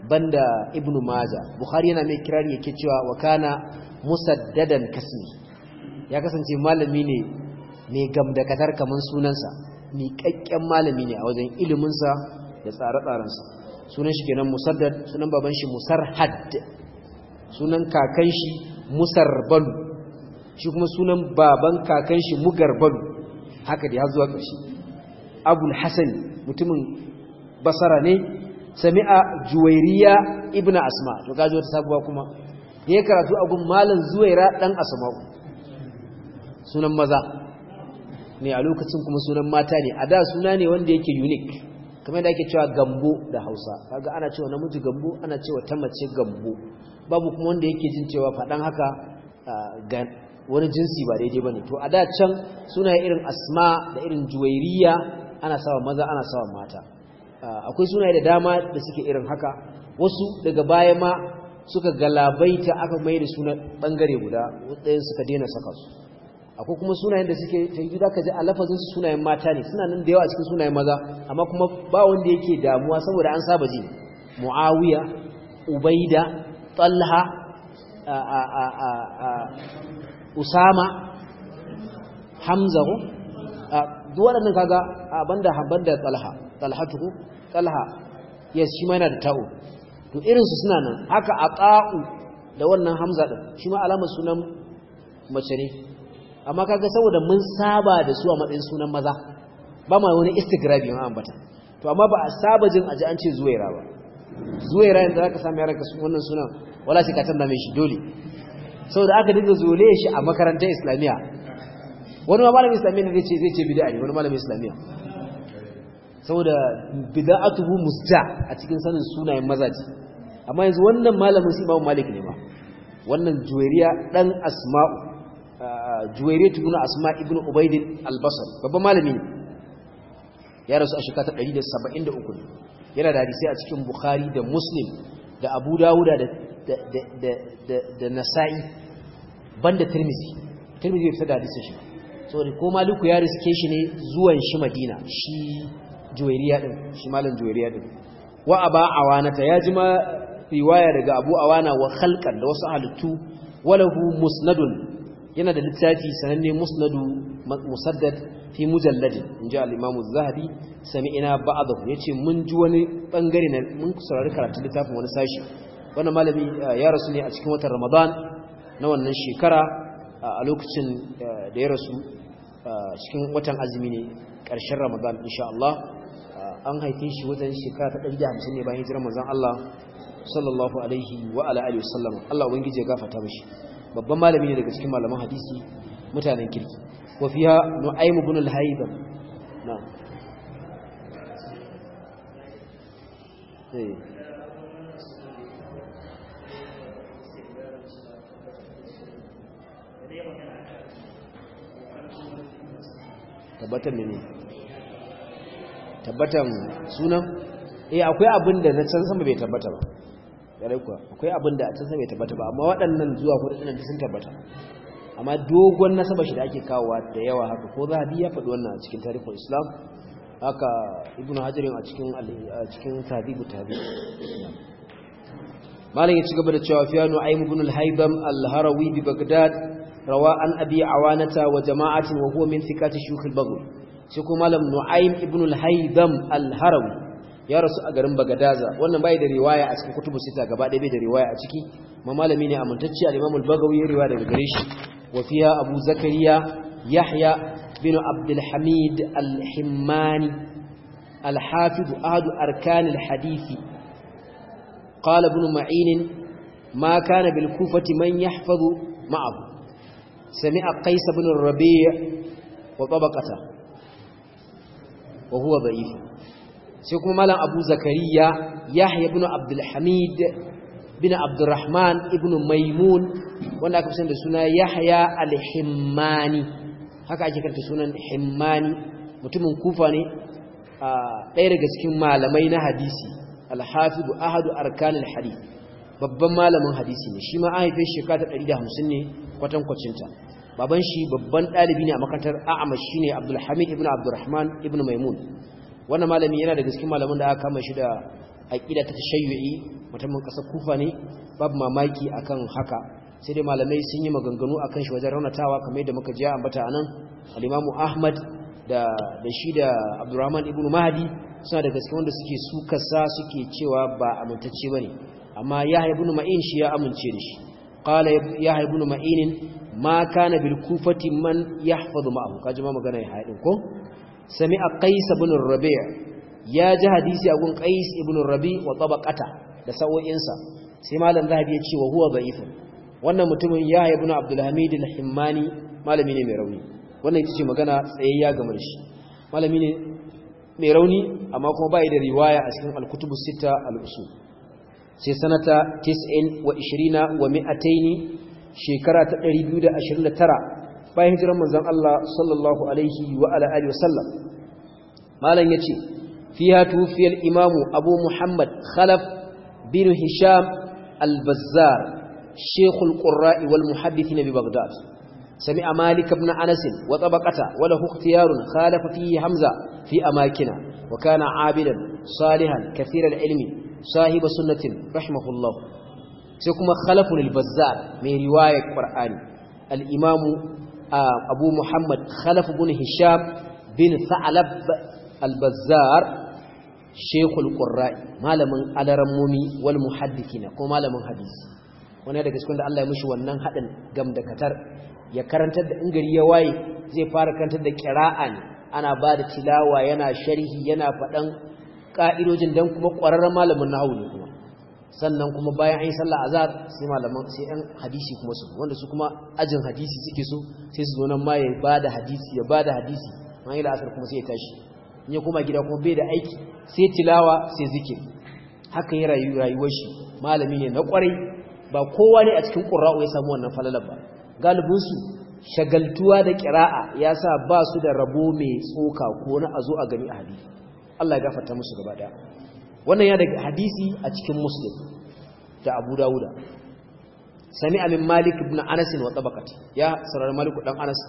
Speaker 1: banda ibn maja bukhari yana mai kirari yake cewa wa kana musaddadan kasmi ya kasance malami ne mai gamdakatar kaman sunansa kakken malami ne a wajen iliminsa da tsare-tsarensa sunan shi kenan musaddad sunan baban shi musarhad sunan kakan shi musarbalu shi kuma sunan baban kakan shi mugarbalu haka da ya zuwa ƙarshe abul hasan mutumin basara ne sami'a juwairiya ibn asma to kaji wata sabuwa kuma ne karatu a gun malam zuwaira dan Asma. sunan maza ne a lokacin kuma sunan mata ne a da suna ne wanda yake unique kamar da ake cewa gambo da hausa kaga ana cewa namiji gambo ana cewa ta mace gambo babu kuma wanda yake jin cewa faɗan haka ga wani jinsi ba daidai ba ne to a da can suna irin asma da irin juwairiya ana sawa maza ana sawa mata Ah, akwai sunaye da dama da suke irin haka wasu daga baya ma suka galabaita aka mai da suna bangare guda ɗayan suka daina saka su akwai kuma sunayen da suke tanki za a lafazin sunayen mata ne suna nan da yawa a cikin sunayen maza amma kuma ba wanda yake damuwa saboda an saba ji muawiya ubaida talha usama hamza duk waɗannan kaga abanda da talha talhatuhu talha ya shi mana yana da ta'u to irin su suna nan haka ata'u da wannan hamza din shi ma alamar sunan mace ne amma kaga saboda mun saba da su a matsayin sunan maza ba ma wani istigrabi ma ambata to amma ba a saba jin aje an ce zuwaira ba zuwaira yanzu zaka samu yaranka wannan sunan wala shi ka tanda mai shi dole saboda aka dinga zole shi a makarantar islamiyya wani malamin islamiyya ne zai ce zai ce bid'a ne wani malamin islamiyya saboda bida'atuhu musta a cikin sanin sunayen mazaji amma yanzu wannan malamin su imamu Malik ne ma wannan Juwairiya dan Asma'u Juwairiya tukuna Asma ibn ubaidin albasar babban malami ne ya rasu a shekata 173 ne yana da hadisai a cikin Bukhari da Muslim da Abu Dawuda da da da tirmizi banda Tirmidhi Tirmidhi bai fada hadisin shi saboda ko Maliku ya riske shi ne zuwan shi Madina shi juwairiya din shi malam juwairiya din wa aba awanata ya ma riwaya daga abu awana wa khalqan da wasu halittu walahu musnadun yana da littafi sananne musnadu musaddad fi mujalladin inji al-imam az-zahabi sami'ina ba'dahu yace mun ji wani bangare na mun saurari karatu littafin wani sashi wannan malami eh, ya rasu ne a cikin watan ramadan na wannan shekara eh, a lokacin eh, da ya rasu cikin watan azumi ne ƙarshen ramadan insha Allah an haife shi wajen shekara ta ɗari hamsin ne bayan hijirar manzon Allah sallallahu alaihi wa ala alihi wasallam Allah ubangije gafarta mishi babban malami ne daga cikin malaman hadisi mutanen kirki wa fiha nu'aym ibn al-haytham na'am eh tabbatar ne tabbatan sunan eh akwai abin da na can sama bai tabbata ba yarai kuwa akwai abin da a can sama bai tabbata ba amma waɗannan zuwa kudu ɗin sun tabbata amma dogon nasaba shi da ake kawowa da yawa haka ko zahabi ya faɗi wannan a cikin tarihin islam haka ibn hajar a cikin a cikin tabibu tabi malam ya ci gaba da cewa fiyanu ayyub ibn al-haibam al-harawi bi baghdad rawa an abi awanata wa jama'atin wa huwa min thiqati shuyukh al baghdadi shi kuma malam nu'aym ibn al-haydam al-harawi ya rasu a garin bagadaza wannan bai da riwaya a cikin kutubu sita gaba ɗaya bai da riwaya a ciki ma malami ne amintacce al-imam al-bagawi ya riwaya daga gare shi wa abu zakariya yahya bin abdul hamid al-himmani al-hafiz ahad arkan al-hadisi qala ibn ma'in ma kana bil kufati man yahfazu ma'ahu sami'a wa wa huwa da'if sai kuma malam abu zakariya yahya ibn abdul bin abdurrahman ibn maimun wanda aka fi da suna yahya al-himmani haka ake karanta sunan himmani mutumin kufa ne ɗaya daga cikin malamai na hadisi alhafidu ahadu arkanin hadith babban malamin hadisi ne shi ma an haife shekara ta 150 ne kwatankwacinta baban shi babban dalibi ne a makarantar shi shine Abdulhamid ibn Abdurrahman ibn Maimun wannan malami yana daga cikin malaman da aka kama shi da aqida ta tashayyu'i mutumin kasar Kufa ne babu mamaki akan haka sai dai malamai sun yi maganganu akan shi wajen raunatawa kamar yadda muka ji a ambata anan al-Imam Ahmad da da shi da Abdurrahman ibn Mahdi suna da cikin wanda suke kasa suke cewa ba amintacce bane amma Yahya ibn Ma'in shi ya amince da shi qala Yahya ibn Ma'in ma kana bil kufati man yahfazu ma'ahu kaji ma magana ya haɗin ko Sami a qais ibn rabi' ya ji hadisi a gun qais ibn rabi' wa tabaqata da sawo'insa sai malam zahabi ya ce wa huwa da'ifun wannan mutumin ya ibn abdul hamid al-himmani malami ne mai rauni wannan ita ce magana tsayayya ga shi malami ne mai rauni amma kuma bai da riwaya a cikin al-kutubu sita al-usul sai sanata 29 wa wa 200 shekara ta 229 bayan hijirar manzon Allah sallallahu alaihi wa ala alihi wasallam malam yace fiha tufi al imam abu muhammad khalaf bin hisham al bazzar sheikh al qurra wal muhaddith nabi baghdad sami amalik ibn anas wa tabaqata wa lahu ikhtiyar khalaf hamza fi amakina wa kana abidan salihan kathir al ilmi sahib sunnatin rahimahullah sai kuma khalafun al-bazzar mai riwayar qur'ani al-imam ah, abu muhammad khalaf ibn hisham bin sa'lab al-bazzar shaykhul qurra'i malamin alarammomi wal muhaddithina ko malamin hadisi wani daga cikin da Allah ya mishi wannan hadin gamdakatar katar ya karantar da ingari ya waye zai fara karantar da qira'a ne ana ba da tilawa yana sharhi yana fadan ka'idojin dan kuma ƙwararren malamin nahwu ne kuma sannan kuma bayan an yi sallah azhar sai malaman sai ɗan hadisi kuma su wanda su kuma ajin hadisi suke so sai su zo nan ma ya bada hadisi ya bada hadisi an yi la'asar kuma sai ya tashi in ya koma gida kuma bai da aiki sai tilawa sai zikir haka ya rayu rayuwar shi malami ne na kwarai ba kowa ne a cikin ƙura'u ya samu wannan falalar ba galibin su shagaltuwa da ƙira'a ya sa ba su da rabo mai tsoka ko na a zo a gani a hadisi Allah ya gafarta musu gaba daya wannan ya daga hadisi a cikin muslim da abu dawuda sami amin malik ibn anasin wa tabaqati ya sarar malik dan anas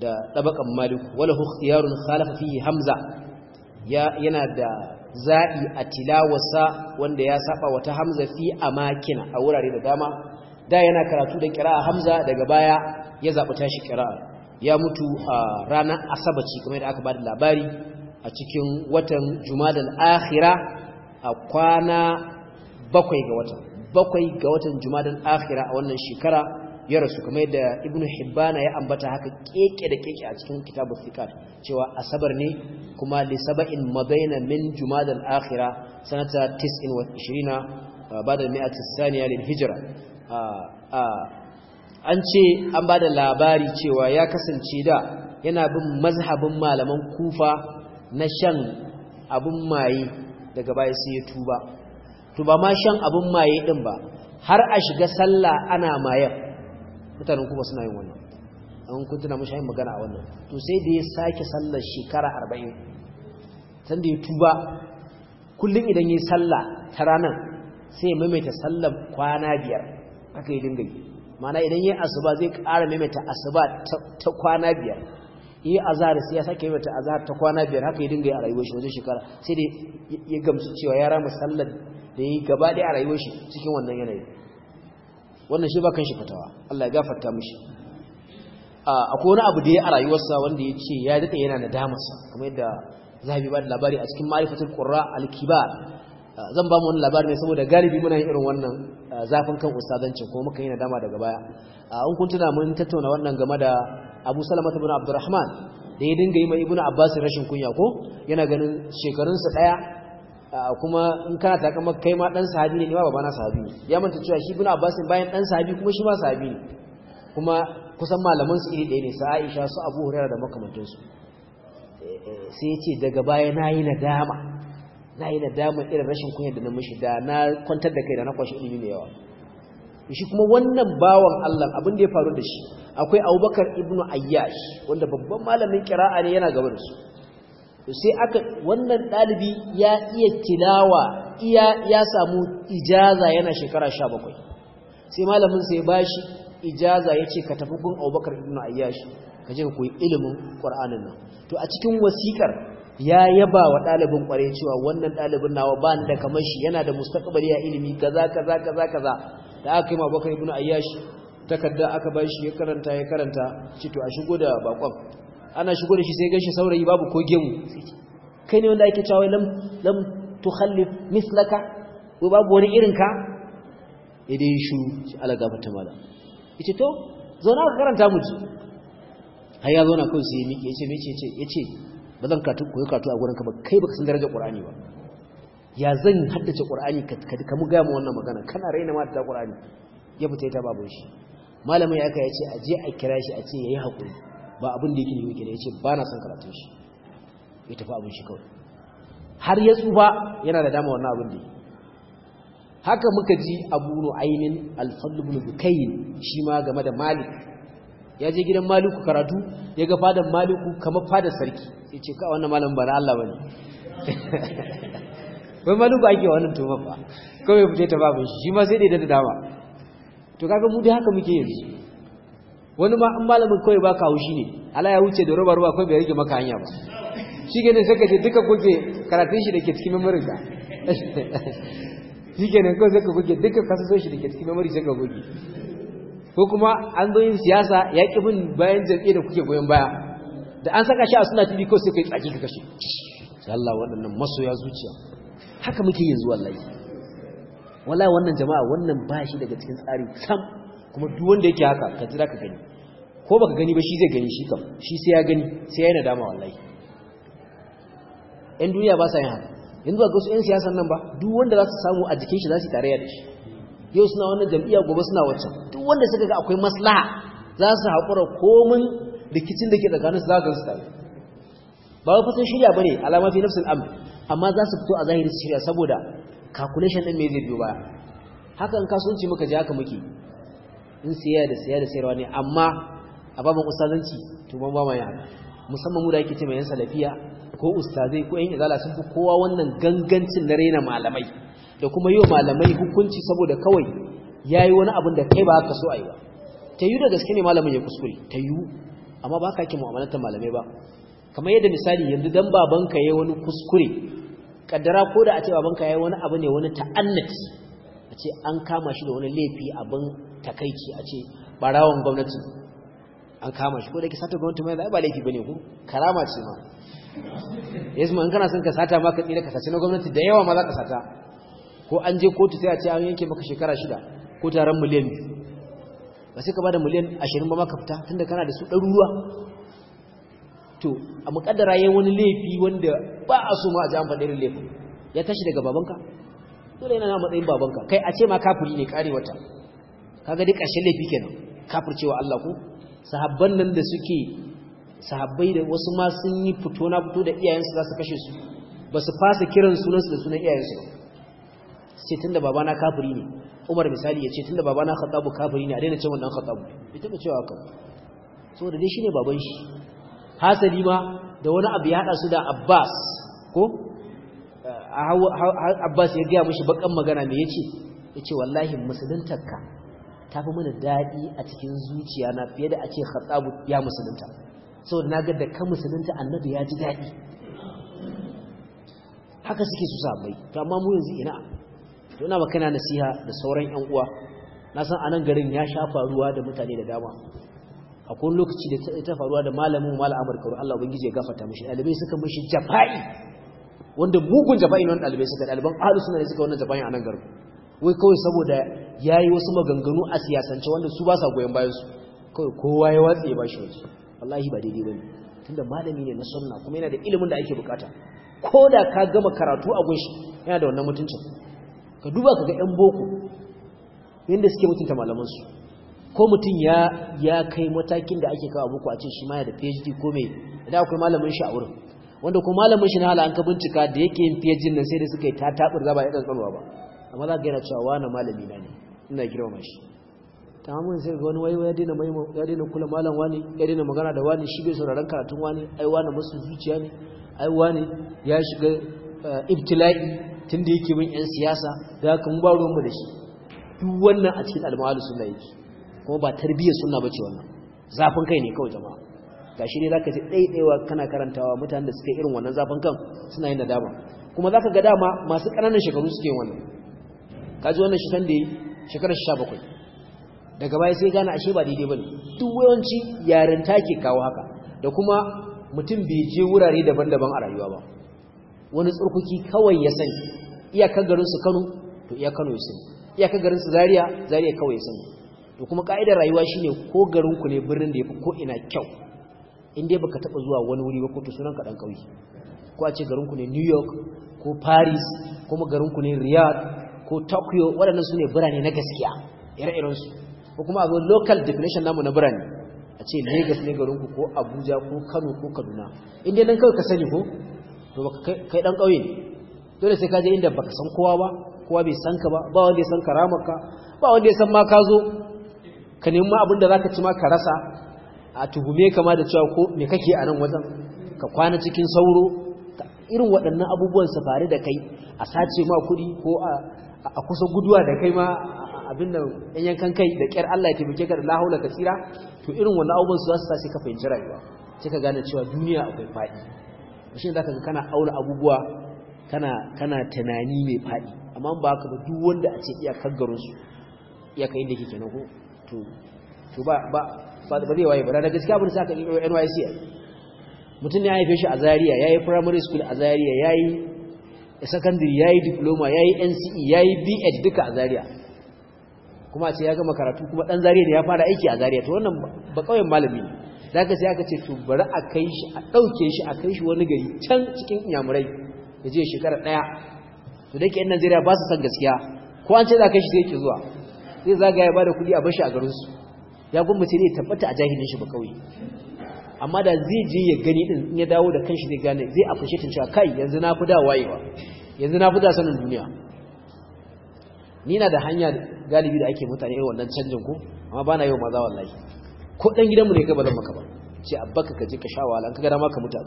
Speaker 1: da tabakan malik wala hu yaron khalafa fihi hamza ya yana da za'i a tilawasa wanda ya saba wata hamza fi amakina a wurare da dama da yana karatu da kira'a hamza daga baya ya zaɓi tashi kira. ya mutu a ranar asabaci kamar da aka ba da labari a cikin watan jumadal akhira a kwana bakwai ga watan bakwai ga watan jumadan akhira a wannan shekara ya rasu kamar da ibnu hibbana ya ambata haka keke da keke a cikin kitabu fiqat cewa asabar ne kuma li sab'in madaina min jumadan akhira sanata 29 ba'da mi'ati saniya lil hijra an ce an bada labari cewa ya kasance da yana bin mazhabin malaman kufa na shan abun maye daga baya sai ya tuba to ba ma shan abin maye din ba har a shiga sallah ana maye mutanen kuma suna yin wannan an kun tuna mashi yin magana a wannan to sai da ya sake sallar shekara arba'in san da ya tuba kullum idan ya sallah ta ranar sai ya maimaita sallar kwana biyar aka yi dinga yi mana idan ya asuba zai ƙara maimaita asuba ta kwana biyar yi azhar sai ya sake wata azhar ta kwana biyar haka ya dinga yi a rayuwar shi wajen shekara sai dai ya gamsu cewa ya rama sallar da ya yi gaba ɗaya a rayuwar shi cikin wannan yanayi wannan shi ba kan shi fatawa Allah ya gafarta mishi akwai wani abu da ya a rayuwarsa wanda ya ce ya daɗe yana nadamarsa kamar yadda zahabi ba da labari a cikin ma'aikatar qurra al-kibar zan ba mu wani labari ne saboda galibi muna yin irin wannan zafin kan ustazancin ko muka yi nadama daga baya an kun tuna mun tattauna wannan game da abu salamata bin abdurrahman da ya dinga yi mai ibn abbas rashin kunya ko yana ganin shekarunsa ɗaya kuma in kana ta kama kai ma dan sahabi ne ba babana sahabi ne ya manta cewa shi ibn abbas bayan dan sahabi kuma shi ba sahabi ne kuma kusan malaman su iri ɗaya ne su aisha su abu hurairah da makamantansu sai ya ce daga baya na yi nadama na yi nadama irin rashin kunya da na mishi da na kwantar da kai da na kwashi ilimi da yawa shi kuma wannan bawan Allah abin da ya faru da shi akwai Abubakar ibn Ayyash wanda babban malamin kira'a ne yana gaba da su sai aka wannan dalibi ya iya tilawa iya ya samu ijaza yana shekara 17 sai malamin sai ya bashi ijaza yace ka tafi gun Abubakar ibn Ayyash ka je ka koyi ilimin Qur'anin nan to a cikin wasikar ya yaba wa ɗalibin ƙware cewa wannan ɗalibin nawa ba da kamar shi yana da mustaqbali ya ilimi kaza kaza kaza kaza da aka yi ma bakar ibn ayyash takarda aka ba shi ya karanta ya karanta shi to a shigo da bakon ana shigo da shi sai gashi saurayi babu ko gemu kai ne wanda ake cewa lam lam tukhallif mislaka ko babu wani irin ka idan shu shi ala fata mala yace to zauna ka karanta mu ji har ya zauna kawai sai ya ce yace me yace yace ba zan karatu koyi karatu a gurin ka ba kai baka san darajar qur'ani ba ya zan haddace qur'ani ka mu gaya mu wannan magana kana raina ma ta ƙur'ani ya fita ta babu shi malamin ya aka ce a je a kira shi a ce yayi hakuri ba abin da yake ne yake da yace ba na son karatun shi ya tafi abin shi kawai har ya tsufa yana da dama wannan abin da haka muka ji Abu Nu'aymin Al-Fadl ibn Bukayn shi ma game da Malik ya je gidan Maliku karatu ya ga fadan Maliku kamar fadar sarki ce ka wannan malamin ba na Allah bane wai maluku ake wannan tuhumar ba kawai fita ta babin shi shi ma sai dai da dama to kaka mu dai haka muke yanzu wani ma an malamin kawai ba kawo shi ne ala ya wuce da roba roba kawai bai rage maka hanya ba shi ke nan saka ce duka kuke karatun shi da ke cikin memory ka shi ke nan kawai saka kuke duka kasaso shi da ke cikin memory saka kuke ko kuma an zo yin siyasa ya ƙi bin bayan jam'iyya da kuke goyon baya da an saka shi a suna tv ko sai kai tsaki ka kashe Allah waɗannan masoya zuciya haka muke yanzu wallahi wallahi wannan jama'a wannan ba shi daga cikin tsari sam kuma duk wanda yake haka ka jira ka gani ko baka gani ba shi zai gani shi kam shi sai ya gani sai ya yi wallahi yan duniya ba sa yin haka yanzu ba ga wasu yan siyasan nan ba duk wanda za su samu a jikin shi za su tarayya da shi yau suna wannan jam'iyya gobe suna wancan duk wanda suka ga akwai maslaha za su haƙura komin rikicin da ke tsakanin su za su tare ba wai fasin shirya bane alama fi nafsul amr amma za su fito a zahiri su shirya saboda calculation din me zai biyo baya haka in kasuwanci muka ji haka muke in siya da siya da sayarwa ne amma a baban ustazanci to ban ba ma haka musamman mu da yake ce mai yan salafiya ko ustazai ko yan izala sun fi kowa wannan gangancin na raina malamai da kuma yi malamai hukunci saboda kawai ya yi wani abin da kai ba ka so a yi ba ta yi da gaske ne malamin ya kuskure ta yi amma ba ka ke mu'amalantar malamai ba kamar yadda misali yanzu dan babanka yayi wani kuskure kaddara ko da a ce babanka yayi wani abu ne wani ta'annati a ce an kama shi da wani laifi abin takaici a ce barawon gwamnati an kama shi ko da ke sata gwamnati mai ba laifi bane ko karama ce ma yanzu an kana son ka sata ma ka tsira ka sace na gwamnati da yawa ma za ka sata ko an je kotu sai a ce an yanke maka shekara shida ko taron miliyan ba sai ka bada miliyan ashirin ba ma ka fita tunda kana da su ɗaruruwa to a muƙaddara yayin wani laifi wanda ba a so ma a ji an faɗi irin laifin ya tashi daga babanka dole yana na matsayin babanka kai a ce ma kafiri ne kare wata kaga duk ƙarshen laifi kenan kafircewa Allah ko sahabban nan da suke sahabbai da wasu ma sun yi fito na fito da iyayensu za su kashe su ba su fasa kiran sunansu da sunan iyayensu ba sai tunda babana kafiri ne Umar misali ya ce tunda babana khatabu kafiri ne a daina cewa wannan khatabu ita ba cewa So da dai shine baban shi hasali ma da wani abu ya hada su da Abbas ko Abbas ya gaya mishi bakan magana me yace yace wallahi musuluntarka fi mana dadi a cikin zuciya na fiye da a ce Khattabu ya musulunta saboda ga da ka musulunta annabi ya ji dadi haka suke su sabai to amma mu yanzu ina to ina maka nasiha da sauran yan uwa na san anan garin ya shafa ruwa da mutane da dama akwai lokaci da ta faruwa da malamin malam Amurka, Karo Allah ubangiji ya gafata, mishi ɗalibai suka mishi jafa'i wanda mugun jafa'i ne ɗalibai suka ɗaliban ahlus suna ne suka wannan jafa'i a nan garin wai kawai saboda ya yi wasu maganganu a siyasance wanda su ba sa goyen bayan su kawai kowa ya watsi ya bashi waje wallahi ba daidai ba ne. tunda malami ne na sunna kuma yana da ilimin da ake bukata ko da ka gama karatu a gunshi yana da wannan mutuncin ka duba ka ga yan boko yadda suke mutunta malamansu. su ko mutum ya ya kai matakin da ake kawo boko a cikin shi ma ya da PhD ko me da akwai malamin shi a wurin wanda ko malamin shi na hala an ka bincika da yake yin PhD nan sai da suka yi ta ba zaba ya tsantsalwa ba amma za ka yana cewa wani malami na ne ina girma shi ta hamun sai ga wani waiwa ya daina ya daina kula malam wani ya daina magana da wani shi bai sauraron karatun wani ai wani musu zuciya ne ai wani ya shiga eh, ibtila'i tunda yake bin yan siyasa da haka mu ba ruwanmu da shi duk wannan a cikin almahal sunna yake kuma ba tarbiyyar sunna bace wannan zafin kai ne kawai jama'a gashi ne zaka ji daidaiwa kana karantawa mutanen da suke irin wannan zafin kan suna yin nadama kuma zaka ga dama masu ƙananan shekaru suke wannan kaji wannan shi san da yi shekarar 17 daga baya sai gane ashe ba daidai bane duk wayanci yarinta ke kawo haka da kuma mutum bai je wurare daban-daban a rayuwa ba wani tsurkuki kawai ya sani iyakar kan garinsu Kano to iya Kano ya sani iyakar kan garinsu Zaria Zaria kawai ya sani to kuma ka'idar rayuwa shine ko garin ku ne birnin da yafi ko ina kyau in dai baka taba zuwa wani wuri ba ko to sunan ka dan kauye ko a ce garin ku ne New York ko Paris kuma garin ku ne Riyadh ko Tokyo waɗannan sune birane na gaskiya ire-iren su ko kuma abin local definition namu na birane a ce Lagos ne garin ku ko Abuja ko Kano ko Kaduna in dai nan kawai ka sani ko to baka kai dan kauye ne dole sai ka je inda baka san kowa ba kowa bai san ba ba wanda ya san karamarka ba wanda ya san ma ka zo ka nemi ma abin da za ka ci ma ka rasa a tuhume kama da cewa ko me kake a nan wajen ka kwana cikin sauro irin waɗannan abubuwan safari da kai a sace ma kuɗi ko a kusa guduwa da kai ma abin da ɗan yankan kai da ƙyar Allah ya taimake ka da lahaula ka tsira to irin wannan abubuwan su za su sace ka fahimci rayuwa sai ka gane cewa duniya akwai faɗi shi ne za ka ga kana auna abubuwa kana tunani mai faɗi amma ba ka ba duk wanda a ce iyakar garinsu iyakar da ke kenan ko to to ba ba ba waye ba da gaskiya abin sa ka NYC mutum ya haife shi a Zaria yayi primary school a Zaria yayi secondary yayi diploma yayi NCE yayi BH duka a Zaria kuma a ya gama karatu kuma dan Zaria ne ya fara aiki a Zaria to wannan ba kauyen malami ne zaka sai aka ce to bari a kai shi a dauke shi a kai shi wani gari can cikin inyamurai yaje shekara daya to dake yan Najeriya ba su san gaskiya ko an ce za kai shi sai yake zuwa zai zagaya ba bada kuɗi a bashi a garinsu ya gwamnati ne tabbata a jahilin shi ba kauye amma da zai je ya gani din in ya dawo da kanshi zai gane zai afishe tun cewa kai yanzu na fi da wayewa yanzu na fi da sanin duniya ni na da hanya galibi da ake mutane irin wannan canjin ko amma ba na yau maza wallahi ko dan gidanmu ne ka ba zan maka ba ce abbaka ka je ka sha wahala ka ga dama ka mutu a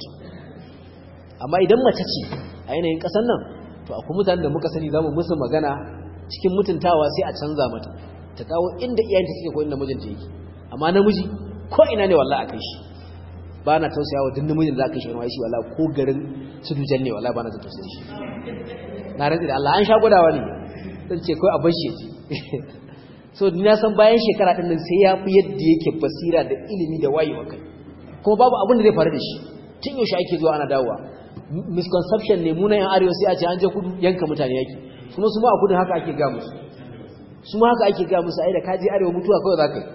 Speaker 1: amma idan mace ce a yanayin kasan nan to akwai mutanen da muka sani zamu musu magana cikin mutuntawa sai a canza mata ta kawo inda iyayenta suke ko inda mijinta yake amma namiji ko ina ne wallahi akai shi ba na tausayawa dukkan namijin da aka shi shi wallahi ko garin su dujan ne wallahi ba na tausaya shi na rantsi da Allah an sha gwadawa ne zan ce kai a bar shi so ni na san bayan shekara din nan sai ya fi yadda yake basira da ilimi da wayewa kai kuma babu abin da zai faru da shi tun yaushe ake zuwa ana dawowa misconception ne muna na yan arewa sai a ce an je kudu yanka mutane yake kuma su ma a kudin haka ake ga musu su ma haka ake ga musu yi da kaji arewa mutuwa kawai za ka yi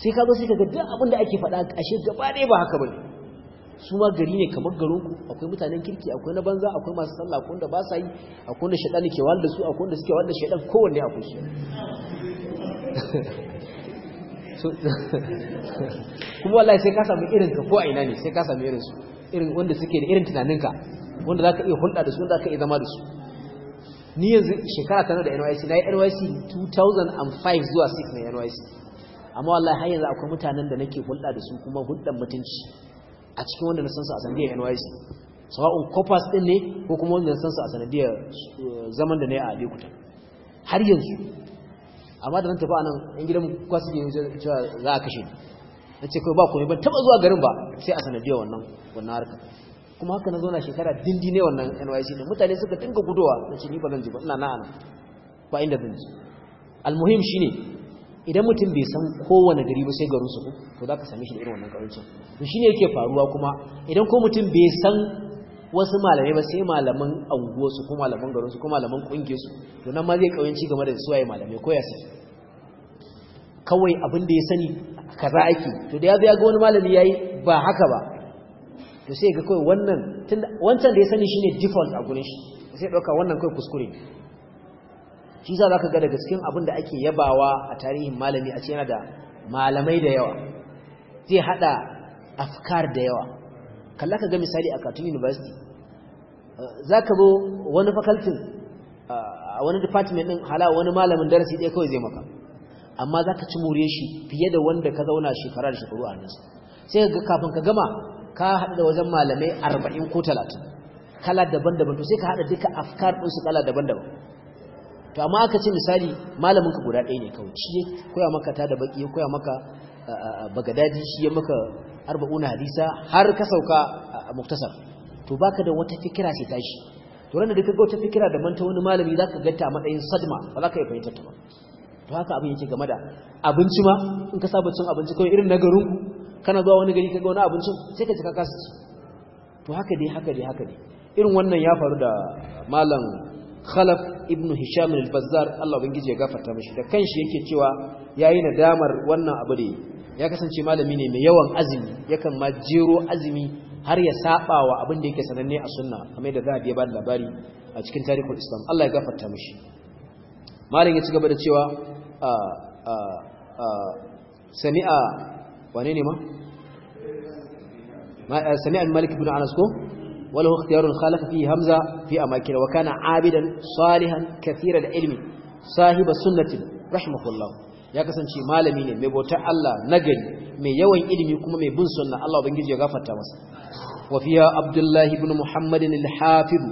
Speaker 1: sai ka zo sai ka ga duk abin da ake faɗa ashe gaba ɗaya ba haka bane su ma gari ne kamar garin ku. akwai mutanen kirki akwai na banza akwai masu sallah akwai wanda ba sa yi akwai wanda shaɗani ke wanda su akwai wanda suke wanda shaɗa kowanne akwai shi kuma wallahi sai ka samu irin ka ko a ina ne sai ka samu irin su irin wanda suke da irin tunaninka wanda za ka iya hulɗa da su wanda za ka iya zama da su ni yanzu shekara tana da NYC na yi NYC 2005 zuwa 6 na NYC amma wallahi har yanzu akwai mutanen da nake hulɗa da su kuma hulɗar mutunci a cikin wanda na san su a sanadiyar NYC sawa'un copas din ne ko kuma wanda na san su a sanadiyar eh, zaman da na yi a Abeokuta har yanzu amma da nan tafi anan yan gidan kwasi ke cewa za a kashe ni na ce kawai ba kuma ban taɓa zuwa garin ba sai a sanadiyar wannan harkar kuma haka na zauna shekara dindi ne wannan NYC ne mutane suka dinga gudowa na ce ni ba zan ji ba ina na ana ba inda zan ji almuhim ne idan mutum bai san kowane gari ba sai garin su to ka same shi da irin wannan kauyancin to ne yake faruwa kuma idan ko mutum bai san wasu malamai ba sai malaman anguwarsu ko malaman garinsu ko malaman su to nan ma zai kawanci game da suwaye malamai ko ya sani kawai abin da ya sani kaza ake to da ya ga wani malami yayi ba haka ba to sai ga kai wannan tunda wancan da ya sani shine default a gurin shi sai dauka wannan kai kuskure shi za ka ga daga cikin abin da ake yabawa a tarihin malami a ce yana da malamai da yawa zai hada afkar da yawa kalla ka ga misali a Katun University zaka zo wani faculty a wani department din hala wani malamin darasi dai kawai zai maka amma zaka ci mure shi fiye da wanda ka zauna shekara da shekaru a nan sai ga kafin ka gama ka haɗu da wajen malamai arba'in ko talatin kala daban-daban to sai ka haɗa duka afkar ɗinsu kala daban-daban to amma aka ce misali malaminka guda ɗaya ne kawai shi ya koya maka ta da baki koya maka bagadaji shi ya maka arba'una hadisa har ka sauka a muktasar to baka da wata fikira sai tashi to ranar da ka ga wata fikira da manta wani malami zaka ga ta matsayin sadma ba za ka yi fahimtar ta ba to haka abin yake game da abinci ma in ka saba cin abinci kawai irin na garinku kana zuwa wani gari kaga wani abincin sai ka cika kasu to haka dai haka dai haka dai irin wannan ya faru da malam khalaf ibn hisham al-bazzar Allah ubangiji ya gafarta mishi da kanshi yake cewa yayi nadamar wannan abu ne, ya kasance malami ne mai yawan azumi yakan ma jero azumi har ya saba wa abin da yake sananne a sunna kamar da za a biya ba labari a cikin tarihin islam Allah ya gafarta mishi malam ya ci gaba da cewa ah, ah, ah, sami'a wane ne ma eh, sami al-malik bin anas ko wala hu ikhtiyarun fi hamza fi amakin wa kana abidan salihan kathira da ilmi sahiba sunnatin rahimahullah ya kasance malami ne mai bautar Allah nagari mai yawan ilimi kuma mai bin sunna Allah ubangiji ya gafarta masa wa fiha abdullah ibn muhammad al-hafiz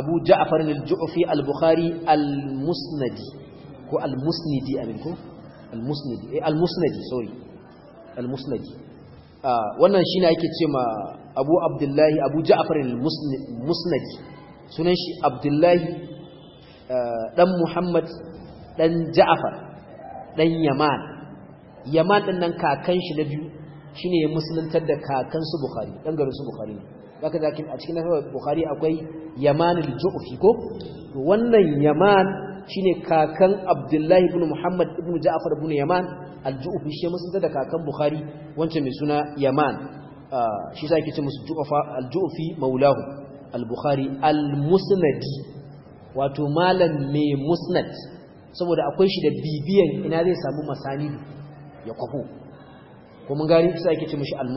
Speaker 1: abu ja'far al-ju'fi al-bukhari al-musnadi ko al amin ko al eh al-musnadi sorry al-musnadi ah, wannan shine yake ce ma abu abdullahi abu ja'far al musnad sunan shi abdullahi ah, dan muhammad dan ja'far dan yaman yaman din nan kakan shi na biyu shine ya musuluntar da kakan su bukhari dan garin su bukhari zaka zaki a cikin bukhari akwai yaman al-ju'fi ko wannan yaman shine kakan abdullahi ibn muhammad ibn ja'far ibn yaman alju'ufi shi musu da kakan bukhari wancan mai suna yaman ah, shi sa yake ce musu alju'ufi maulahu al-bukhari wato malam mai musnad saboda akwai shi da bibiyan ina zai samu masanidu ya kwafo kuma mun gari sa yake ce mishi al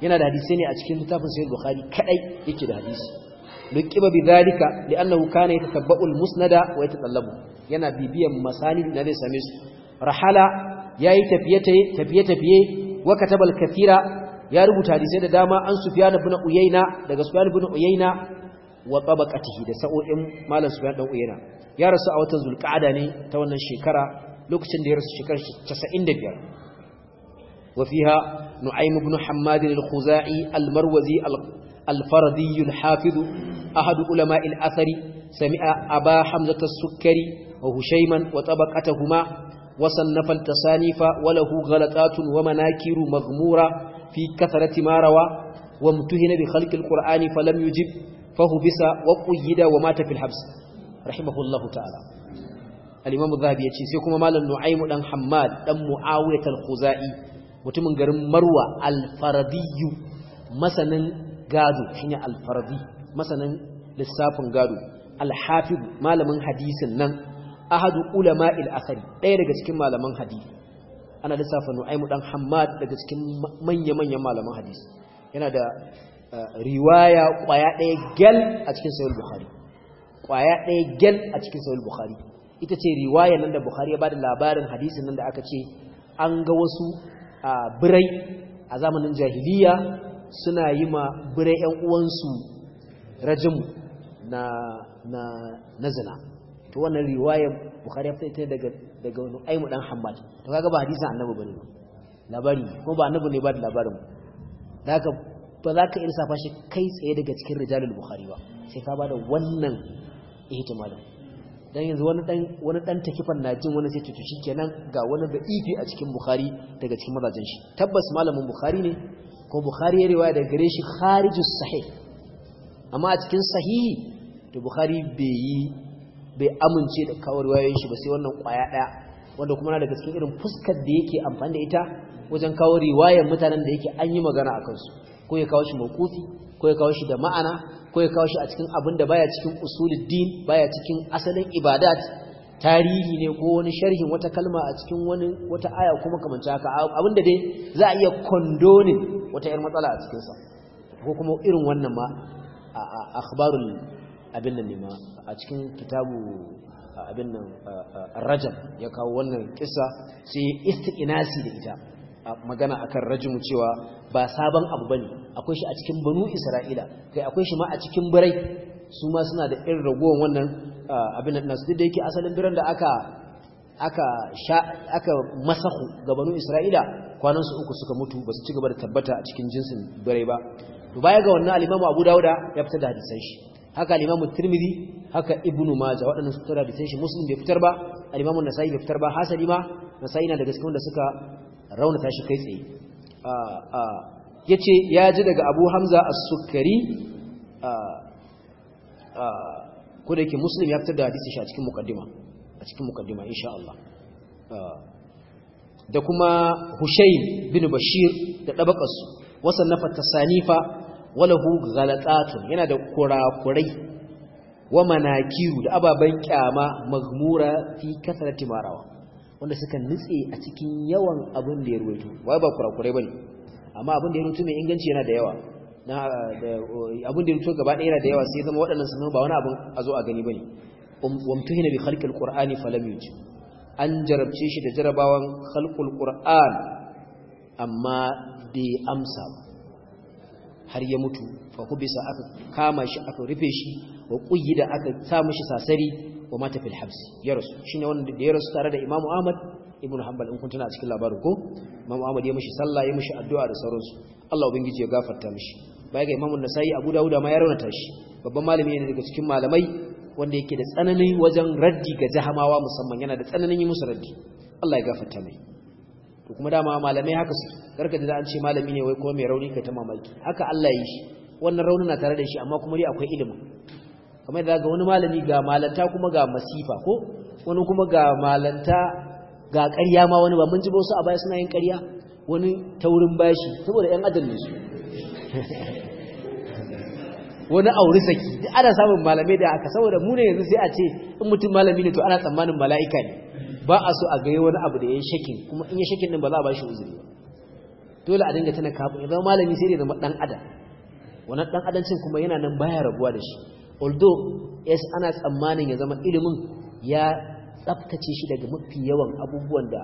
Speaker 1: yana da hadisi ne a cikin littafin sahih bukhari kadai yake da hadisi luqiba bidhalika li'annahu kana yatatabbu al-musnada wa yatatallabu yana bibiyan masanid na zai same su rahala yayi tafiye tafiye tafiye wa katabal kathira ya rubuta hadisai da dama an Sufyan ibn Uyayna daga Sufyan bin Uyayna wa tabaqatihi da sa'o'in malam Sufyan dan Uyayna ya rasu a watan Zulqa'ada ne ta wannan shekara lokacin da ya rasu shekarar 95 wa fiha Nu'aym ibn Hammad al-Khuzai al-Marwazi al-Faradi al-Hafiz ahad ulama athari sami'a Aba Hamza as-Sukkari wa Hushayman wa tabaqatahuma وصنف التصانيف وله غلطات ومناكير مغمورة في كثرة ما روى وامتهن بخلق القرآن فلم يجب فهبس وقيد ومات في الحبس رحمه الله تعالى الإمام الذهبي يتشي سيكم مالا نعيم دان حماد دان معاوية الخزائي وتمن غرم مروى الفردي مثلا قادو حين الفردي مثلا للسافن قادو الحافظ مالا من حديث نان ahadu ulama al-akhari ɗaya daga cikin malaman hadisi ana lissafa nu'aymu dan hammad daga cikin manya-manyan malaman hadisi yana da eh, riwaya kwaya ɗaya gal a cikin sahih bukhari kwaya ɗaya gal a cikin sahih bukhari ita ce riwaya nan da bukhari ya bada labarin hadisin nan da aka ce an ga wasu birai a zamanin jahiliya suna yi ma birai 'yan uwansu rajim na na na zina to wannan riwayar bukhari ya fita daga wani aimu dan hammad to kaga ba hadisin annabi bane ba labari ko ba annabi ne ba da labarin da aka ba za ka irsa fashi kai tsaye daga cikin rijalul bukhari ba sai ka bada wannan ihtimalin dan yanzu wani dan wani dan takifan na jin wani sai to shikenan ga wani da ifi a cikin bukhari daga cikin mazajin shi tabbas malamin bukhari ne ko bukari ya riwaya da gare shi kharijus sahih amma a cikin sahihi to bukhari bai yi bai amince da kawar wayoyin shi ba sai wannan kwaya daya wanda kuma na daga cikin irin fuskar da yake amfani da ita wajen kawo riwayar mutanen da yake an yi magana a kansu ko ya kawo shi mawqufi ko ya kawo shi da ma'ana ko ya kawo shi a cikin abin da baya cikin din baya cikin asalin ibadat tarihi ne ko wani sharhin wata kalma a cikin wani wata aya kuma kamanta haka abin da dai za a iya kondonin wata yar matsala a cikin sa ko kuma irin wannan ma akhbarul abin nan ne ma a cikin kitabu abin nan rajam ya kawo wannan kissa sai isti'inasi da ita magana akan rajimu cewa ba sabon abu bane akwai shi a cikin banu isra'ila kai akwai shi ma a cikin birai su ma suna da irin ragowar wannan abin nan su da yake asalin biran da aka aka sha aka masahu ga banu isra'ila kwanan su uku suka mutu ba su ci gaba da tabbata a cikin jinsin birai ba to baya ga wannan al-imamu abu dauda ya fita da hadisan shi haka al-imamu tirmidhi haka Ibn majah waɗannan su tura da sai shi muslim bai fitar ba al-imamu nasa'i bai fitar ba hasali ma nasa'i na daga cikin da suka raunata shi kai tsaye yace ya ji daga abu hamza as-sukkari ko da yake muslim ya fitar da hadisi shi a cikin muqaddima a cikin muqaddima insha Allah da kuma Hushayn bin Bashir da dabakarsu wasannafa tasanifa walahu ghalatatun yana da kurakurai wa manakiru da ababan kyama magmura, fi kasarati marawa wanda suka nitse a cikin yawan abin da ya ruwaito wai ba kurakurai bane amma abin da ya ruwaito mai inganci yana da yawa na abin da ya ruwaito gaba ɗaya yana da yawa sai zama waɗannan sun ba wani abin a zo a gani bane um, wamtuhina bi khalqil qur'ani falam yuji an jarabce shi da jarabawan khalqul qur'an amma bai amsa ba har ya mutu fa bisa aka kama shi aka rufe shi wa da aka sa mishi sasari wa mata fil habs ya rasu shine wanda da ya rasu tare da Imam Ahmad ibn Hanbal in kun tana a cikin labarin ko Imam Ahmad ya mishi sallah ya mishi addu'a da sauransu Allah ubangiji ya gafarta mishi baya ga imamu Nasa'i Abu Dawud ma ya rauna shi babban malami ne daga cikin malamai wanda yake da tsananin wajen raddi ga jahamawa musamman yana da tsananin yi musu raddi Allah ya gafarta mai to kuma dama malamai haka su karka da an ce malami ne wai kuma mai rauni ka ta mamaki haka Allah ya yi shi wannan raunin na tare da shi amma kuma dai akwai ilimi kamar da ga wani malami ga malanta kuma ga masifa ko wani kuma ga malanta ga ƙarya ma wani ba mun ji ba wasu a baya suna yin ƙarya wani taurin bashi saboda ƴan adam ne su wani auri saki duk ana samun malamai da aka saboda mu ne yanzu sai a ce in mutum malami ne to ana tsammanin mala'ika ne ba a so a gaya wani abu da ya shakin kuma in ya shakin nan ba za a ba shi uzuri ba dole a dinga tana kafin idan malami sai da zama dan adam wannan dan adancin kuma yana nan baya rabuwa da shi although yes ana tsammanin ya zama ilimin ya tsaftace shi daga mafi yawan abubuwan da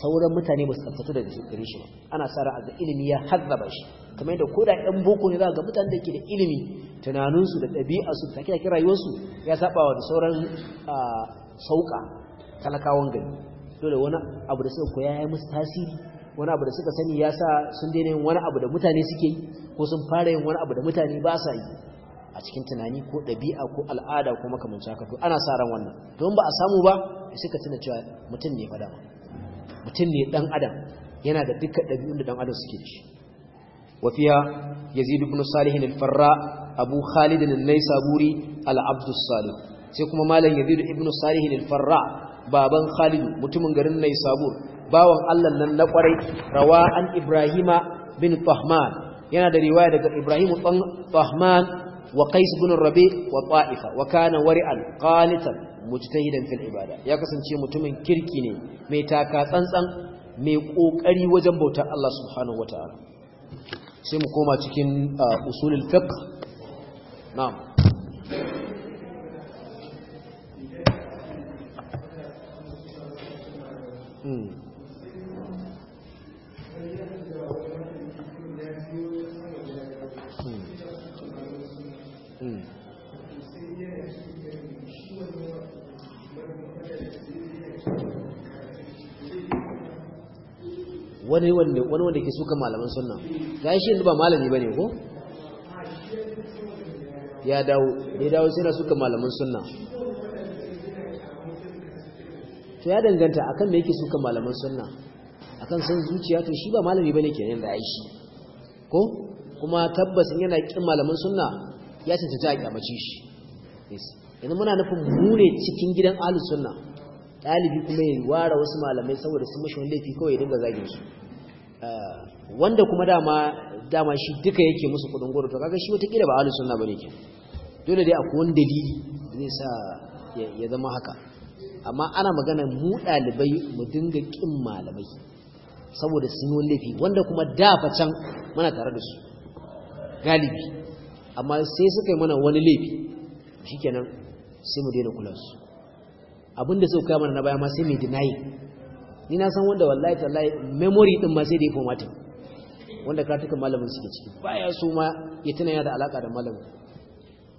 Speaker 1: sauran mutane ba su tsaftace daga gare shi ba ana sa ra'a ga ilimi ya hazzaba shi kamar yadda koda ɗan boko ne za ga mutane da ke da ilimi tunaninsu da ɗabi'arsu da take rayuwarsu ya saba wa da sauran ah, sauka talakawan gari dole wani abu da suka koya ya musu tasiri wani abu da suka sani ya sa sun daina yin wani abu da mutane suke yi ko sun fara yin wani abu da mutane ba sa yi a cikin tunani ko ɗabi'a ko al'ada ko makamanci haka to ana sa ran wannan to ba a samu ba suka tuna cewa mutum ne fada mutum ne dan adam yana da dukkan ɗabi'un da dan adam suke da shi wa fiya yazid ibn salih al-farra abu khalid al-naysaburi al-abd salih sai kuma malam yazid ibn salih al-farra baban Khalid mutumin garin Naisabur bawan Allah nan na kwarai rawa an Ibrahima bin Tahman yana da riwaya daga Ibrahim bin Tahman wa Qais bin Rabi wa Ta'ifa wa kana wari'an qanitan mujtahidan fil ibada ya kasance mutumin kirki ne mai taka tsantsan mai kokari wajen bautar Allah subhanahu wataala sai mu koma cikin ah, usulul fiqh na'am wani wanda ke suka malaman sunna ga shi yanzu ba malami ba ne ko?
Speaker 2: ya dawo ya dawo sai na suka malaman sunna
Speaker 1: to ya danganta akan me yake sukan malaman sunna akan san zuciya to shi ba malami bane kenan da aishi ko kuma tabbas in yana kin malaman sunna ya cancanta ta kyamace shi yanzu muna nufin mu ne cikin gidan ahlus sunna dalibi kuma ya ware wasu malamai saboda sun mashi wanda yake kawai ya dinga zagin su eh, wanda kuma dama dama shi duka yake musu kudin goro to kaga shi wata kila ba ahlus sunna bane kenan dole dai akwai wani dalili zai sa ya zama haka amma ana magana mu ɗalibai mu dinga ƙin malamai saboda sun yi laifi wanda kuma dafa can mana tare da su galibi amma sai suka yi mana wani laifi shikenan sai mu daina kula su abinda suka kai mana na baya ma sai mai dinayi ni na san wanda wallahi tallahi memory din ma sai da ya formatin wanda tuka malamin suke ciki baya su ma ya tuna da alaka da malamin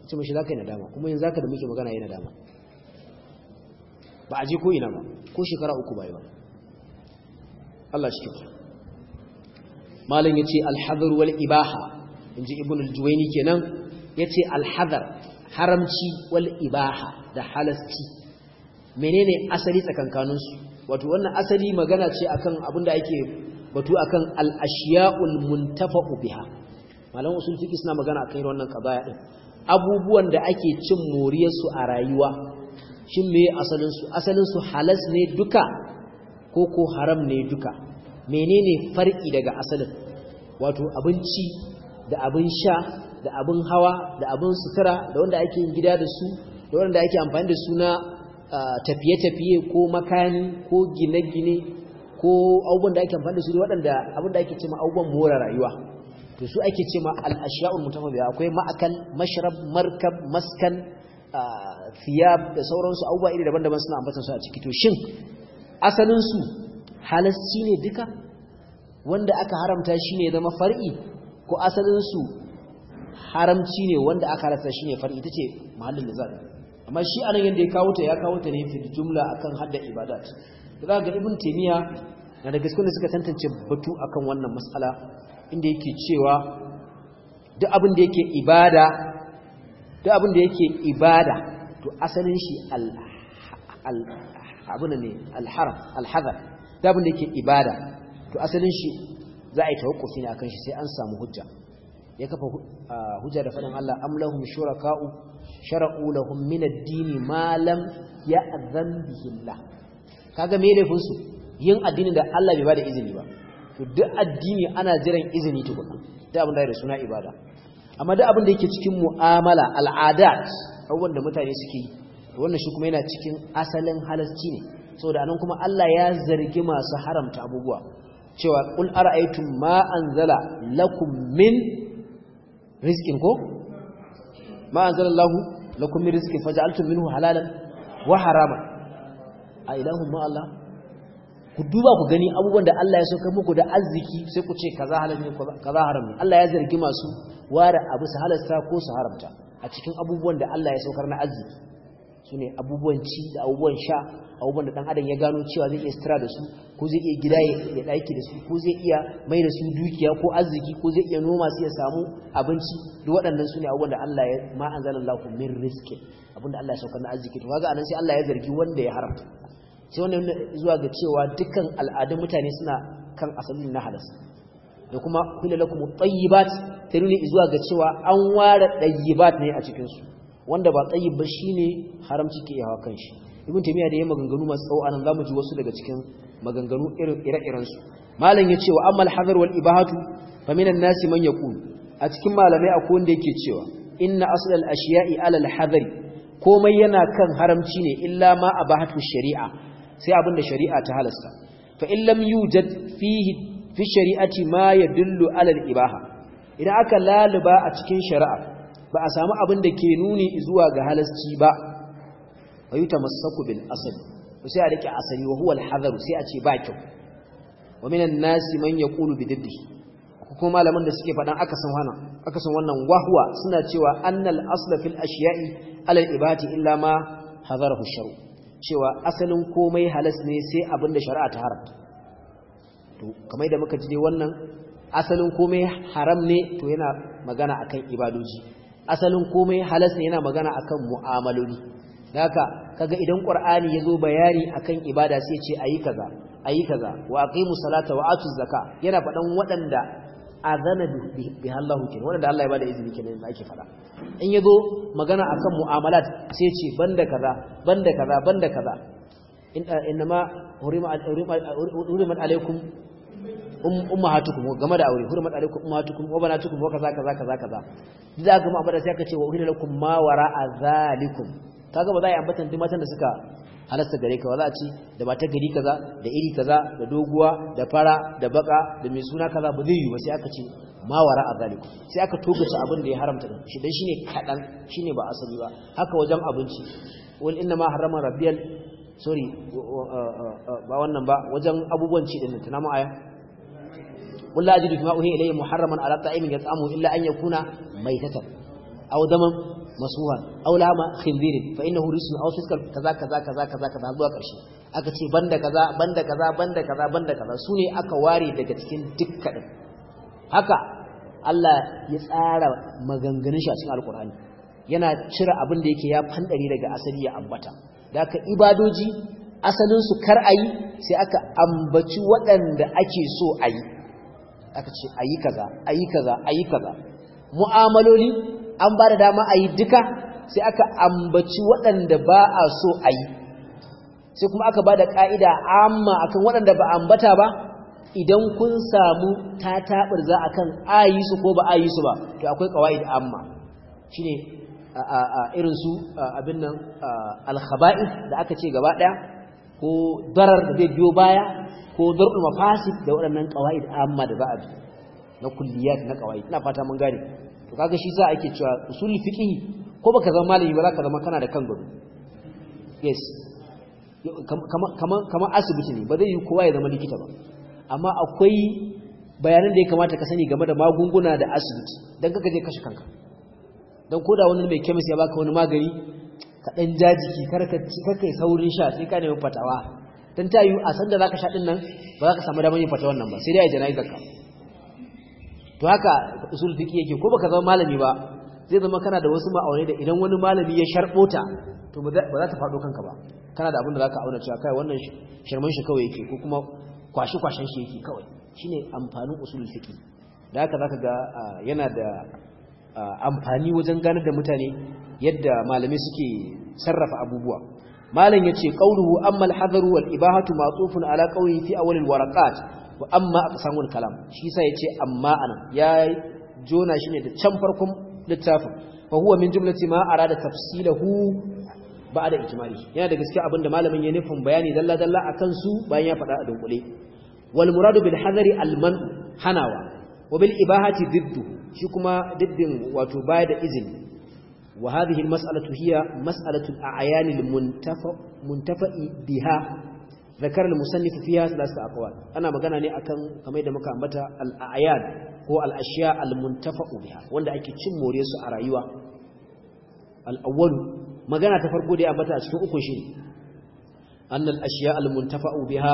Speaker 1: ce za ka yi nadama kuma yanzu zaka da muke magana yana nadama ba a je ko ina ba ko shekara uku bai ba Allah shi kike malam yace ce wal ibaha inji ibn al kenan yace ce haramci wal ibaha da halasci menene asali tsakankanin wato wannan asali magana ce akan abinda ake batu akan al-ashiya'ul muntafa'u biha malaman usul fiqh suna magana akan wannan qadaya din abubuwan da ake cin moriyar su a rayuwa shin me asalinsu asalinsu halas ne duka ko ko haram ne duka menene farki daga asalin wato abinci da abin sha da abin hawa da abin sutura da wanda ake yin gida da su da wanda ake amfani da su na tafiye-tafiye ko makani ko gine-gine ko abubuwan da ake amfani da su waɗanda abin da ake cema abubuwan more rayuwa to su ake cema al'ashiya'ul mutafabiya akwai ma'akal mashrab markab maskan thiyab da sauransu abubuwa iri daban-daban suna ambatan su a ciki to shin asalin su halasci ne duka wanda aka haramta shine zama far'i ko asalin su haramci ne wanda aka haramta shine far'i tace mahallin da zaka amma shi anan yanda ya kawo ta ya kawo ta ne fi jumla akan hadda ibadat da ga ibn taymiya na da gaskiya suka tantance batu akan wannan mas'ala inda yake cewa duk abin da yake ibada duk abin da yake ibada to asalin shi al ne al alhazar dabin da yake ibada to asalin shi za a yi tawakkufi ne akan shi sai an samu hujja ya kafa hujja da faɗin Allah am lahum shuraka'u shara'u lahum min ad-dini ma lam ya'zan bihi Allah kaga me laifin su yin addini da Allah bai ba da izini ba to duk addini ana jiran izini tukuna ta abin da ya suna ibada amma duk abin da yake cikin mu'amala al'adat abubuwan da mutane suke yi wannan shi kuma yana cikin asalin halarci ne saboda anan kuma Allah ya zargi masu haramta abubuwa cewa qul ara'aytum ma anzala lakum min rizqin ko ma anzala Allahu lakum min rizqin faj'altum minhu halalan wa harama a ilahum ma Allah ku duba ku gani abubuwan da Allah ya sauka muku da arziki sai ku ce kaza halal ne kaza haram ne Allah ya zargi masu ware abu su halasta ko su haramta a cikin abubuwan da Allah ya saukar na arziki su ne abubuwan ci da abubuwan sha abubuwan da ɗan adam ya gano cewa zai iya sutura da su ko zai iya gida ya ɗaki da su ko zai iya mai da su dukiya ko arziki ko zai iya noma su ya samu abinci duk waɗannan su ne abubuwan da Allah ya ma an zanen laku min riskin da Allah ya saukar na arziki to kaga anan sai Allah ya zargi wanda ya haramta sai wannan zuwa ga cewa dukkan al'adun mutane suna kan asalin na halas da kuma hila tsayibat ta nuna zuwa ga cewa an ware tsayibat ne a cikinsu. wanda ba tsayib ba shine haramci ke yawa kan shi ibn taymiya da ya maganganu masu tsawo anan zamu ji wasu daga cikin maganganu ire-iren su malam ce wa amma al-hadar wal ibahatu fa minan nasi man yaqul a cikin malamai a wanda yake cewa inna asl al-ashiya'i ala al-hadari komai yana kan haramci ne illa ma a abahatu shari'a sai abin da shari'a ta halasta fa in lam yujad fihi fi shari'ati ma ya dillu alal ibaha idan aka laluba a cikin shari'a ba a samu abin da ke nuni zuwa ga halasci ba ayyuta masaku bin asali sai a rike asali wa huwa al sai a ce ba kyau wa minan nasi man kulu bi diddi, ko malaman da suke faɗan aka san wannan aka san wannan wahwa suna cewa annal asla fil ashiya'i alal ibati illa ma hadarahu sharu cewa asalin komai halas ne sai abin da shari'a ta haramta to kamar da muka ji ne wannan asalin komai haram ne to yana magana akan ibadoji asalin komai halas ne yana magana akan mu'amaloli haka kaga idan qur'ani yazo bayani akan ibada sai ce ayi kaza ayi kaza wa aqimu salata wa atu zakka yana fadan wadanda azana bi Allah kenan wadanda Allah ya bada izini kenan da ake fada in yazo magana akan mu'amalat sai ce banda kaza banda kaza banda kaza eh, inna ma hurima alaykum Um, ummahatukum game da aure hurmat alaikum ummahatukum wa banatukum wa kaza kaza kaza kaza da aka mu abada sai aka ce wa uhilla lakum ma wara azalikum kaga ba za a yi ambatan duk matan da suka halasta gare ka ba za a ci da ba ta gari kaza da iri kaza da doguwa da fara da baka da mai suna kaza ba zai yi ba sai aka ce ma wara azalikum sai aka su abin da ya haramta din shi dan shine kadan shine ba asali ba haka wajen abinci wal inna ma harrama rabbiyal sorry ba wannan ba wajen abubuwan ci din tana ma aya قل لا أجد فيما أهي إليه محرما على طعام يطعمه إلا أن يكون ميتة أو دما مسفوها أو لام خنزير فإنه رجس أو فسق كذا كذا كذا كذا كذا zuwa ƙarshe أكتي بند كذا بند كذا بند كذا بند كذا سوني su ne aka ware daga cikin dukkanin haka Allah ya tsara maganganun shi a cikin Alƙur'ani yana cire abin da yake ya fandare daga asali ya ambata da aka ibadoji asalinsu kar a yi sai aka ambaci waɗanda ake so a yi aka ce ayi kaza ayi kaza ayi kaza mu'amaloli an ba da dama ayi duka sai aka ambaci waɗanda ba a so ayi sai kuma aka ba da ƙa'ida amma akan waɗanda ba ambata ba idan kun samu ta taɓar za a kan ayi su ko ba ayi su ba to akwai da amma shine irin su abin nan alkhaba'id da aka ce gaba ɗaya ko darar da zai biyo baya ko darul mafasid da waɗannan da amma da za a na kulliyar na qawaid ina fata mun gane to kaga shi sa ake cewa usulul fiqh ko baka zama malami ba za ka zama kana da kan gado yes kamar asibiti ne ba zai yi kowa ya zama likita ba amma akwai bayanan da ya kamata ka sani game da magunguna da asibiti don kaka je kashe kanka don koda wani mai kemis ya baka wani magani Kaɗan ja jajiki kar ka kai saurin sha sai ka nemi fatawa don ta yi a san da ka sha din nan ba za ka samu damar yin fatawar nan ba sai dai a jana'izar ka to haka usul fiki yake ko baka zama malami ba zai zama kana da wasu ma'aunai da idan wani malami ya ta to ba za ta faɗo kanka ba kana da abin da ka auna cewa kai wannan shirman shi kawai yake ko kuma kwashi kwashen shi yake kawai shine amfanin usul fiki da haka ka ga yana da amfani wajen ganar da mutane yadda malamai suke sarrafa abubuwa malam yace qawluhu amma al-hadaru wal ibahatu ma'tufun ala qawli fi awwal al-waraqat wa amma aqsamul kalam shi sai yace amma anan ya jona shi ne da can farkon littafin fa huwa min jumlati ma arada tafsilahu ba'da ijmali yana da gaskiya abinda malamin ya nufin bayani dalla dalla akan su bayan ya fada a dunkule wal muradu bil hadari al man hanawa wa bil ibahati diddu shi kuma diddin wato baya da izini وهذه المسألة هي مسألة الأعيان المنتفع بها ذكر المصنف فيها ثلاثة أقوال أنا مغانا ني أكن كما يدى مكا أمتا الأعيان هو الأشياء المنتفع بها وانا أكي تشم موريس أرايوا الأول مغانا تفرقو دي أمتا أشتو أكوشين أن الأشياء المنتفع بها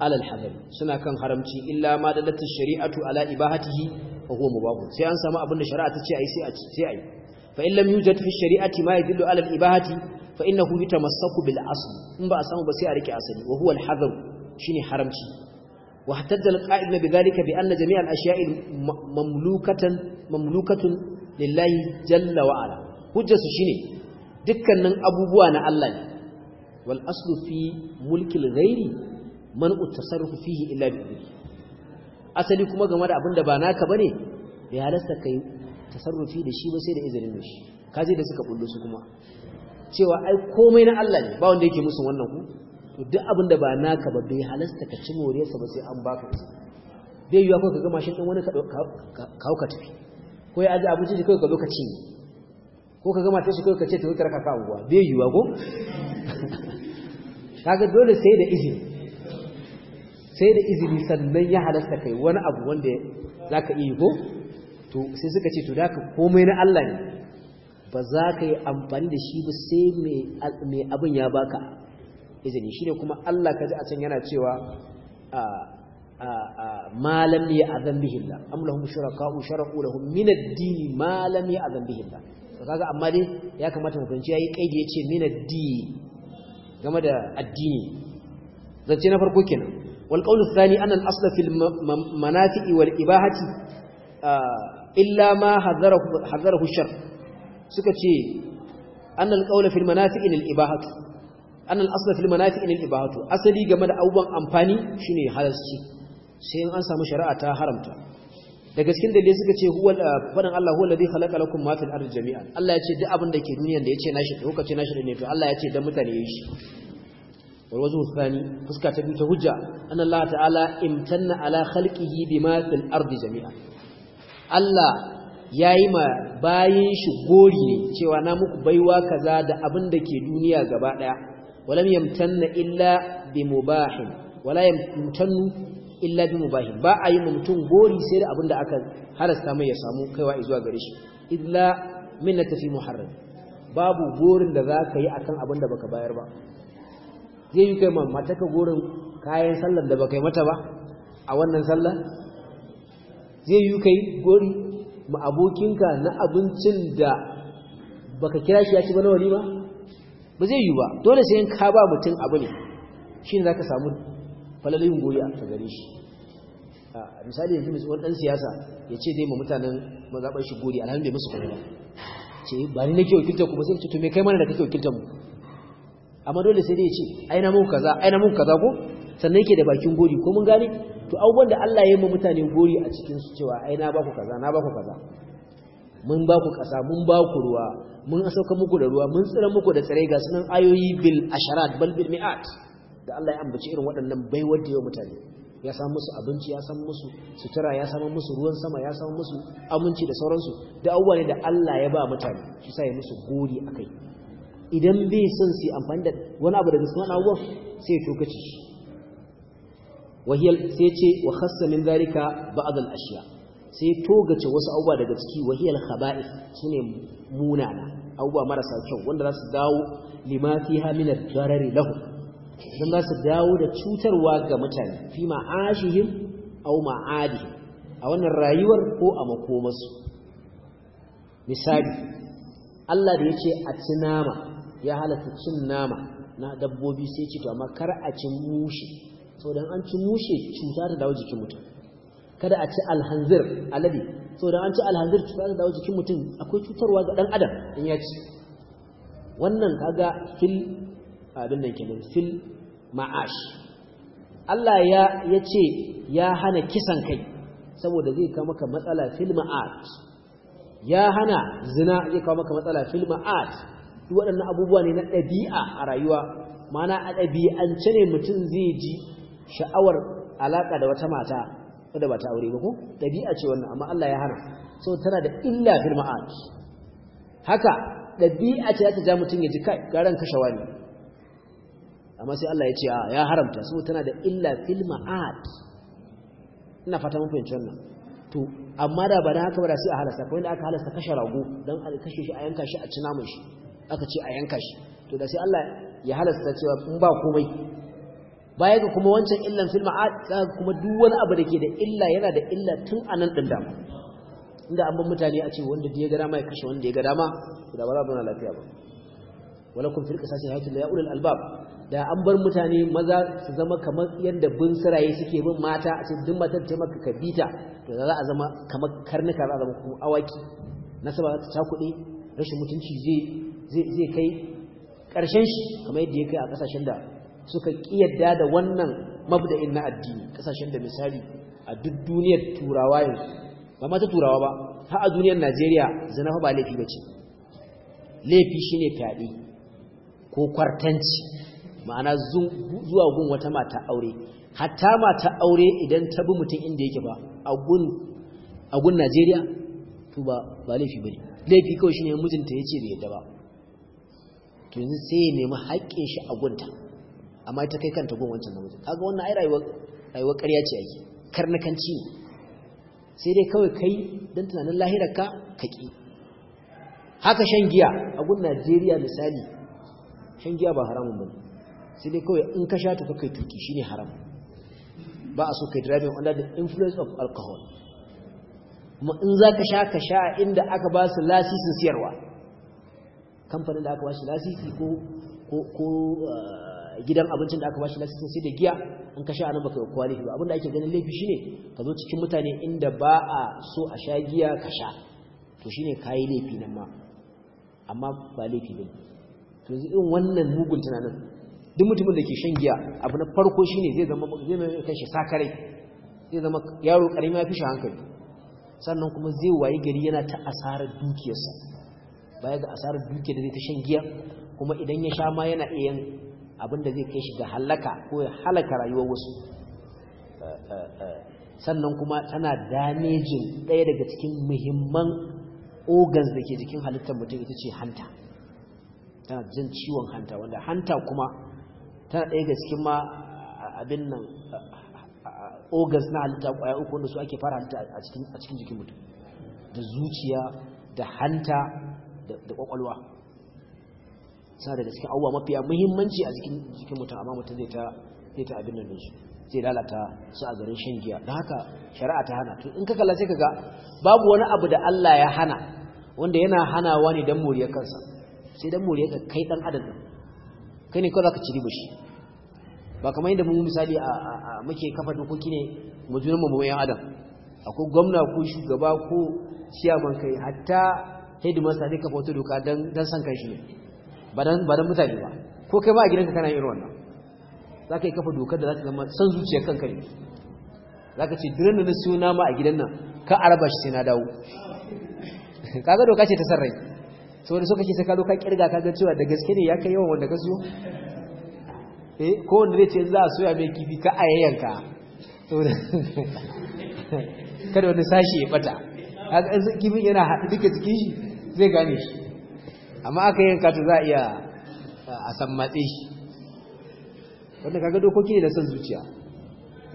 Speaker 1: على الحذر سنة كان حرمتي إلا ما دلت الشريعة على إباهته وهو مباغ سيان سما أبن شرعة تشي أي سي أي fa in lam yujad shari'ati ma yadullu ala al-ibahati fa innahu yatamassaku bil asl in ba a samu ba sai a rike asali wa huwa al-hadar shine haramci wa hatta al-qa'il bi dhalika bi anna jami' al-ashiya'i mamlukatan mamlukatun lillahi jalla wa ala hujjatu shine abubuwa na Allah ne wal aslu fi mulki al-ghairi man'u tasarrufi fihi illa bi asali kuma game da abin da ba naka bane bai halasta kai tasarrufi da shi ba sai da izinin shi zai da suka bullo su kuma cewa ai komai na Allah ne ba wanda yake musu wannan ku to duk abin da ba naka ba bai halasta ka ci moriyarsa ba sai an baka isa bai yiwa kawai ka gama shi ɗan wani ka kawo ka tafi ko ya aje abinci shi kawai ka zo ka ci ko ka gama ta shi kawai ka ce tafi karka ka unguwa bai yiwa ko kaga dole sai da izini sai da izini sannan ya halasta kai wani abu wanda za ka iya ko to sai suka ce to da komai na Allah ne ba za ka yi amfani da shi ba sai mai abin ya baka izini shine kuma Allah ka ji a can yana cewa ma lam ya'zan bihi da am shuraka'u shara'u lahum min ad-din ma lam ya'zan bihi da. to kaga amma dai ya kamata mu fahimci yayi kaidi yace min ad-din game da addini zance na farko kenan wal qawlu thani anna al-asla fil manafi'i wal ibahati illa ma hazarahu shar suka ce an alƙaula fil manafi'in al-ibahatu an al-asla fil manafi'in al-ibahatu asali game da abubuwan amfani shine halalci sai an samu shari'a ta haramta da gaskin dalilai suka ce huwa fadan Allah huwa alladhi khalaqa lakum ma fil ardi jami'an Allah ya ce duk abin da ke duniyar da yace nashi da kuka ce nashi ne to Allah ya ce dan mutane yayi shi والوجه ta فسكة تبيت هجة أن الله تعالى امتن على خلقه بما في الأرض جميعا Allah ya yi ma bayan shi gori ne cewa na muku baiwa kaza da abin da ke duniya gaba ɗaya walam yamtanna illa bi mubahin wala yamtannu illa bi mubahin ba a yi mutum gori sai da abin da aka halasta mai ya samu kaiwa zuwa gare shi illa min na tafi muharram babu gorin da za ka yi akan abin da baka bayar ba zai yi kai ma mataka gorin kayan sallar da baka yi mata ba a wannan sallar zai yi kai gori ma abokinka na abincin da baka kira shi ya ci ba na walima ba zai yi ba dole sai ka ba mutum abu ne shi ne za ka samu falalin goyi a gare shi A misali yanzu mai tsohon dan siyasa ya ce dai ma mutanen mazaɓar shi gori alhalin bai musu kuma ba ce ba ni nake wakiltar ku ba sai ce to me kai mana da kake wakiltar mu amma dole sai dai ya ce aina mun kaza aina mun kaza ko sannan yake da bakin gori ko mun gane to abubuwan da Allah ya yi mutane gori a cikin su cewa ai na baku kaza na baku kaza mun baku kasa mun baku ruwa mun sauka muku da ruwa mun tsira muku da tsare ga sunan ayoyi bil asharat bal bil mi'at da Allah ya ambaci irin waɗannan baiwar da yau mutane ya samu musu abinci ya samu musu sutura ya samu musu ruwan sama ya samu musu aminci da sauransu da abubuwa ne da Allah ya ba mutane shi sa ya musu gori akai idan bai son su amfani da wani abu daga cikin abubuwan sai ya tokace shi Wahiyar sai ce wa khassa min ashiya sai togace wasu abubuwa daga ciki wahiyar wahiyal su sune munana abubuwa marasa kyau wanda za su dawo limafi haminar min darari lahu don za su dawo da cutarwa ga mutane fi ma'ashihim aw ma'adihim a wannan rayuwar ko a makomasu. misali Allah da yace a ci nama ya halatta cin nama na dabbobi sai ci to amma kar a ci mushi da an ci mushe cuta ta dawo jikin mutum kada a ci alhanzir alade da an ci alhanzir cuta ta dawo jikin mutum akwai cutarwa ga dan adam in ya ci wannan kaga fil abin nan kenan fil ma'ash Allah ya yace ya hana kisan kai saboda zai kawo maka matsala fil ma'at ya hana zina zai kawo maka matsala fil ma'at duk waɗannan abubuwa ne na ɗabi'a a rayuwa mana a ɗabi'ance ne mutum zai ji sha'awar alaka da wata mata wadda ba ta aure ba ko dabi'a ce wannan amma Allah ya hana so tana da illa fil ma'ad haka dabi'a ce ta ja mutum ya ji kai garan kashe wani.' amma sai Allah ya ce ya haramta so tana da illa fil ma'ad ina fata mun fahimci wannan to amma da ba da haka ba da sai a halasta ko inda aka halasta kashe rago dan a kashe shi a yanka shi a ci mun shi aka ce a yanka shi to da sai Allah ya halasta cewa in ba komai baya ga kuma wancan illan fil ma'ad kuma duk wani abu da ke da illa yana da illa tun a nan ɗin dama inda an ban mutane a ce wanda ya ga dama ya kashe wanda ya ga dama da ba za mu na lafiya ba walakum fil qisasi hayatun ya ulul albab da an bar mutane maza su zama kamar yadda bin siraye suke bin mata a ce duk matar ta maka bita, to za a zama kamar karnuka za a zama kuma awaki nasaba ta cakuɗe rashin mutunci zai kai ƙarshen shi kamar yadda ya kai a ƙasashen da suka kiyarda da wannan mabda'in na addini kasashen da misali a duk duniyar turawa yanzu ba mata turawa ba har a duniyar Najeriya zina ba laifi ba ce laifi shi ne fyaɗe ko kwartanci ma'ana zuwa gun wata mata aure hatta mata aure idan ta bi mutum inda yake ba a gun Najeriya to ba ba laifi laifi kawai shine mijinta yace bai yadda ba to yanzu sai ya nemi haƙƙin shi a gunta amma ita kai kanta gun wancan namiji kaga wannan ai rayuwar rayuwar ƙarya ce ake karnakanci ne sai dai kawai kai don tunanin lahirarka ka ki haka shan giya a gun Najeriya misali shan giya ba haramun ba sai dai kawai in ka sha ta kai tuki shine haram ba a so kai driving under the influence of alcohol kuma in za ka sha ka sha inda aka ba su lasisin siyarwa kamfanin da aka ba shi lasisi ko uh, gidan abincin da aka bashi lasisin sai da giya an kasha anan baka kowa laifi ba abinda ake ganin laifi shine ka zo cikin mutane inda ba a so a sha giya ka sha to shine kayi laifi nan ma amma ba laifi bane to yanzu irin wannan mugun tunanin duk mutumin da ke shan giya abu na farko shine zai zama zai mai kai shi sakare zai zama yaro karimi ya fi shi hankali sannan kuma zai wayi gari yana ta asarar dukiyarsa baya ga asarar dukiyar da zai ta shan giya kuma idan ya sha ma yana iya abin da zai kai shi ga halaka ko ya halaka rayuwar wasu sannan kuma tana damejin ɗaya daga cikin muhimman organs da ke jikin halittar mutum ita ce hanta tana jin ciwon hanta wanda hanta kuma tana ɗaya daga cikin ma abin nan organs na halitta ƙwaya uku wanda su ake fara halitta a cikin jikin mutum da zuciya da hanta da ƙwaƙwalwa sa daga cikin abubuwa mafiya muhimmanci a cikin jikin mutum amma mutum zai ta zai ta abin nan zai lalata su a garin shan giya don haka shari'a ta hana to in ka kalla sai ka ga babu wani abu da Allah ya hana wanda yana hanawa ne dan moriyar kansa sai dan moriyar ka kai dan adam din kai ne ko zaka ci riba bashi? ba kamar yadda mu misali a muke kafa dokoki ne mu juna mu yan adam akwai gwamna ko shugaba ko ciyaman kai hatta hidimar sa zai kafa wata doka dan san kai shi ne ba dan mutane ba ko kai ba a gidanka kana irin wannan za ka yi kafa dokar da za ka zama san zuciyar kanka ne za ka ce diran da na siyo nama a gidan nan ka araba shi sai na dawo kaga doka ce ta sarrai so wani so kake sai ka zo ka kirga ka ga cewa da gaske ne ya kai yawan wanda ka siyo eh ko wanda zai ce za a soya mai kifi ka a yayyanka kada wani sashi ya bata kifin yana haɗu duka jikin shi zai gane shi amma aka yanka ta za a iya eh, a san matse shi wanda kaga dokoki ne na san zuciya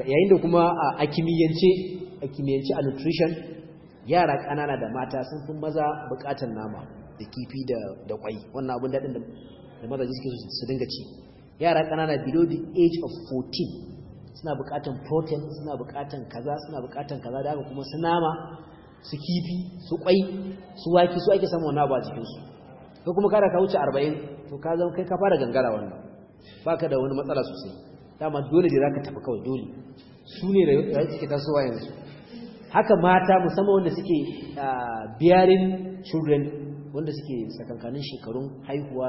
Speaker 1: yayin da kuma a kimiyyance a a nutrition yara ƙanana da mata sun fi maza buƙatar nama da kifi da kwai wannan abin daɗin da mazaji suke su dinga ci yara ƙanana below the age of 14 suna buƙatar protein suna buƙatar kaza suna buƙatar kaza da haka kuma su nama su kifi su kwai su wake su ake samu wani abu a jikinsu ko kuma kada ka wuce 40 to ka zama kai ka fara gangara wannan baka da wani matsala sosai dama dole ne zaka tafi kawai dole su ne da suke tasowa yanzu haka mata musamman wanda suke biyarin children wanda suke sakankanin shekarun haihuwa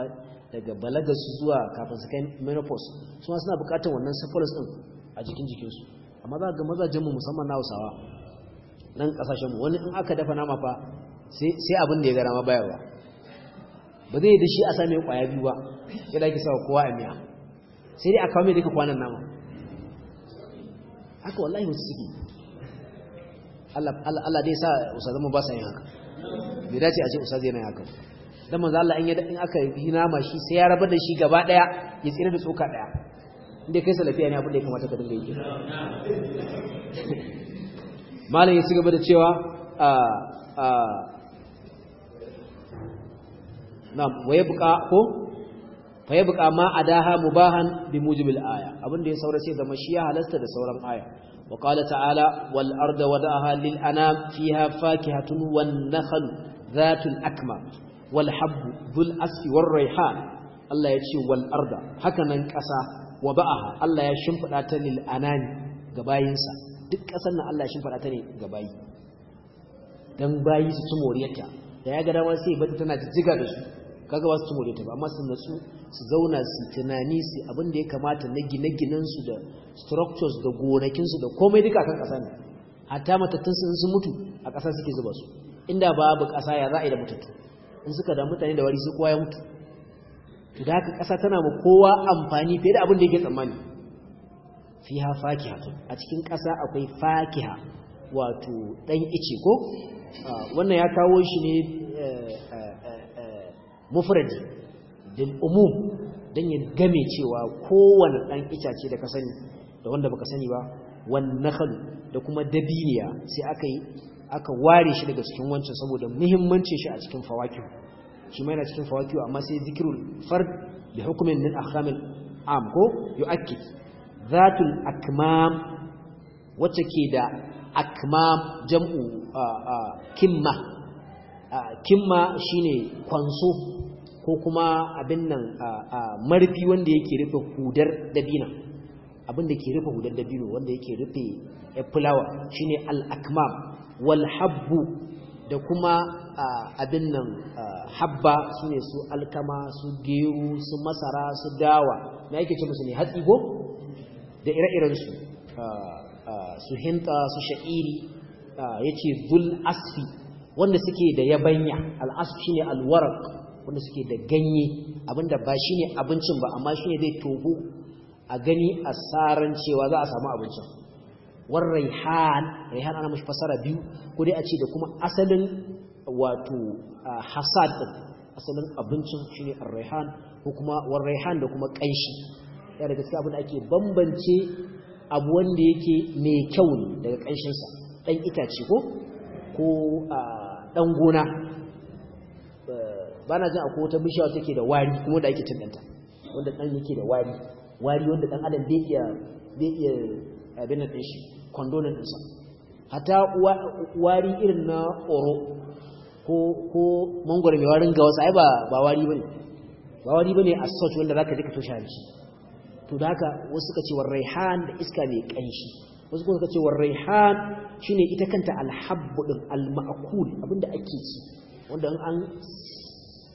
Speaker 1: daga balagar su zuwa kafin su kai menopause su ma suna bukatar wannan syphilis din a jikin jikinsu amma za ga mazajen mu musamman na Hausawa nan kasashen mu wani in aka dafa nama fa sai abin da ya gara ma bayarwa ba zai da shi a sami kwaya biyu ba ya da ake sawa kowa a miya sai dai a kawo mai duka kwanan nama haka wallahi wasu suke Allah dai sa usa zama ba sa yin haka bai dace a ce usa zai na haka don manzo Allah in aka yi nama shi sai ya rabar da shi gaba daya ya tsira da tsoka daya inda kai salafiya ne abin da ya kamata ka dinga yi malam ya ci gaba da cewa ah, ah, na'am waye buka ko faye buka ma adaha mubahan bi mujibil aya abinda ya saura sai zama shi ya halasta da sauran aya wa qala ta'ala wal arda wada'aha lil anam fiha fakihatun wan nakhl dhatul akma wal habbu dhul asfi war rayhan Allah ya ce wal arda haka nan kasa wada'aha Allah ya shimfida ta lil anan ga bayinsa duk kasan nan Allah ya shimfida ta ne ga bayi dan bayi su moriyarta da ya ga dama sai bata tana jijjiga da su kaga ba su more ta ba amma sun nasu su zauna su tunani su abin da ya kamata na gine-ginen su da structures da gonakin su da komai duka akan kasa ne hatta matattun sun sun mutu a kasa suke zuba su inda babu kasa ya za da matattu in suka da mutane da wari su kowa ya mutu to da haka kasa tana ma kowa amfani fiye da abin da yake tsammani fiha tun a cikin kasa akwai fakiha wato dan ice ko ah, wannan ya kawo shi ne eh, eh, eh, mufradi bil umum dan ya game cewa kowanne dan itace da ka sani da wanda baka sani ba wan nakhl da kuma dabiniya sai aka yi aka ware shi daga cikin wancan saboda muhimmancin shi a cikin fawaki shi mai yana cikin fawaki amma sai zikrul fard bi hukmin min al am ko yu'akkid zatul akmam wacce ke da akmam jam'u kimma kimma shine kwanso ko kuma abin nan marfi wanda yake rufe hudar dabina abin da ke rufe hudar dabino wanda yake rufe fulawa shine al-akmam wal habbu da kuma abin nan habba shine su alkama su geru su masara su dawa na yake ce musu ne hatsi ko da ire-iren su su hinta su sha'iri yace zul asfi wanda suke da yabanya al'asf shine alwaraq wanda suke da ganye abinda ba shine abincin ba amma shine zai togo a gani a saran cewa za a samu abincin war raihan raihan ana mashi fasara biyu ko dai a ce da kuma asalin wato hasad asalin abincin shine ar-raihan ko kuma war raihan da kuma kanshi ya daga cikin abin da ake bambance abu wanda yake mai kyau ne daga kanshinsa dan dan itace ko ko ɗan gona ba na jin akwai wata bishiya take da wari kuma da ake cin ɗanta wanda ɗan yake da wari wari wanda ɗan adam zai iya zai iya abin da shi kondonin ɗinsa hata wari irin na oro ko mangwaro mai warin ga wasu ai ba wari bane ba wari bane a sauci wanda zaka ji ka toshe to da haka wasu suka ce war raihan da iska mai kanshi wasu kuma suka ce wa raihan shine ita kanta alhabbu din alma'kul abinda ake ci wanda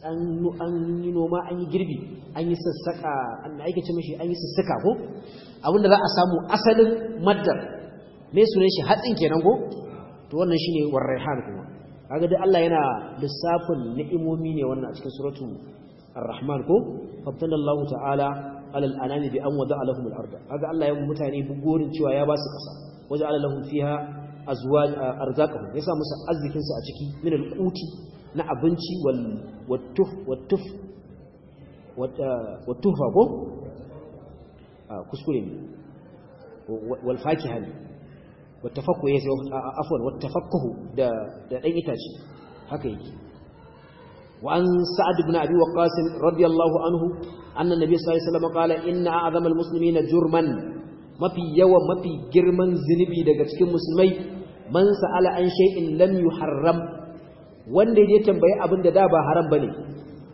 Speaker 1: an yi noma an yi girbi an yi sassaka an ake ce mashi an yi sassaka ko abinda za a samu asalin maddar me sunan shi hatsin kenan ko to wannan shine ha raihan kuma kaga dai Allah yana lissafin ni'imomi ne wannan a cikin suratu ar-rahman ko fattalallahu ta'ala alal anani bi an wada alahum al arda kaga Allah ya mutane bugorin cewa ya ba su kasa waja ala lahum fiha azwaj arzaqahum ya sa musu arzikin su a ciki min al quti na abinci wal wattuf wattuf wattufa ko kuskure ne wal fakiha ne wattafaqu ya sai afwan wattafaqu da da dan itace haka yake wa an sa'ad ibn abi waqas radiyallahu anhu annan nabi sallallahu alaihi wasallam qala inna a'zamal muslimina jurman mafi yawa mafi girman zunubi daga cikin musulmai man sa'ala an shay'in lam yuharram wanda ya tambayi abin da da ba haram bane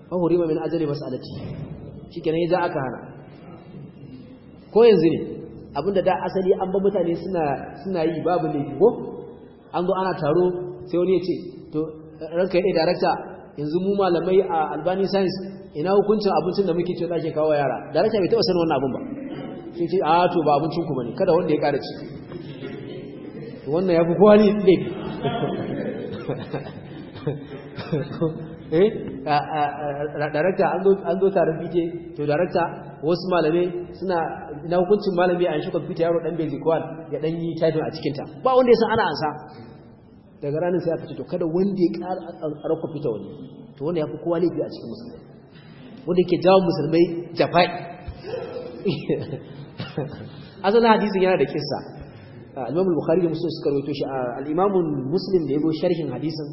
Speaker 1: fa hurima min ajli mas'alati shikenan za aka hana ko yanzu ne abin da da asali an ba mutane suna suna yi babu ne ko an zo ana taro sai wani ya ce to ranka yi director yanzu mu malamai a Albani science ina hukuncin abincin da muke cewa ake kawo yara da rashin bai taɓa sanin wannan abin ba sai ce a ah, to ba abincin ku bane kada wanda ya ƙara ci wannan ya fi kowa ne ɗe eh darakta an zo tare bije to darakta wasu malamai suna na hukuncin malami a shi kwamfuta yaro dan bezi kwan ya dan yi typing a cikinta ba wanda ya san ana ansa daga ranar sai aka ce to kada wanda ya ƙara a kwamfuta wani to wanda ya fi kowa laifi a cikin musulmi wanda ke jawo musulmai jafa'i asalin hadisin yana da kisa ah, ah, al-imam bukhari da musulun suka roto shi al-imam musulun da ya yazo sharhin hadisun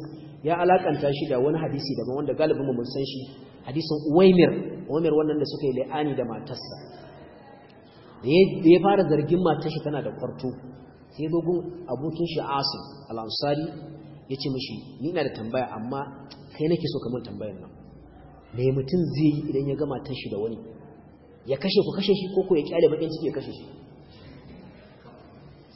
Speaker 1: ya alakanta shi da wani hadisi daban wanda galibin mu mun san shi hadisin waimir, waimir wannan da suka yi la'ani da matarsa da ya fara zargin matar shi tana da kwarto sai dogon abokin shi asin al ya ce mishi ni ina da tambaya amma kai nake so kamar tambayar nan Mai mutum zai yi idan ya gama shi da wani ya kashe ku kashe shi ko ya kyale bakin ciki ya kashe shi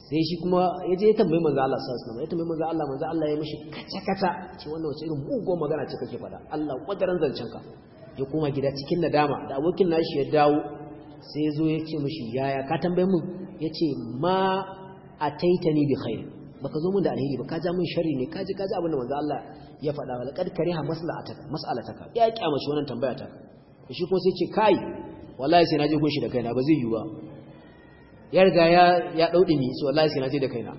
Speaker 1: sai shi kuma ya je ya tambayi manzo Allah sallallahu alaihi wasallam ya tambayi manzo Allah manzo Allah ya mishi kaca kaca ce wannan wace irin mugun magana ce kake faɗa Allah kwadaran zancen ka ya koma gida cikin nadama da abokin nashi ya dawo sai ya zo ya ce mishi yaya ka tambaye mun ya ce ma a ataitani bi khair baka zo mun da alheri ba ka ja mun sharri ne ka ji ka ji abin da manzo Allah ya faɗa wa laqad kariha maslahataka mas'alataka ya kyamace wannan tambaya ta ka shi kuma sai ce kai wallahi sai na je kunshi da kaina ba zai yi ba ya riga ya ɗauɗi daudimi su wallahi sai na je da kaina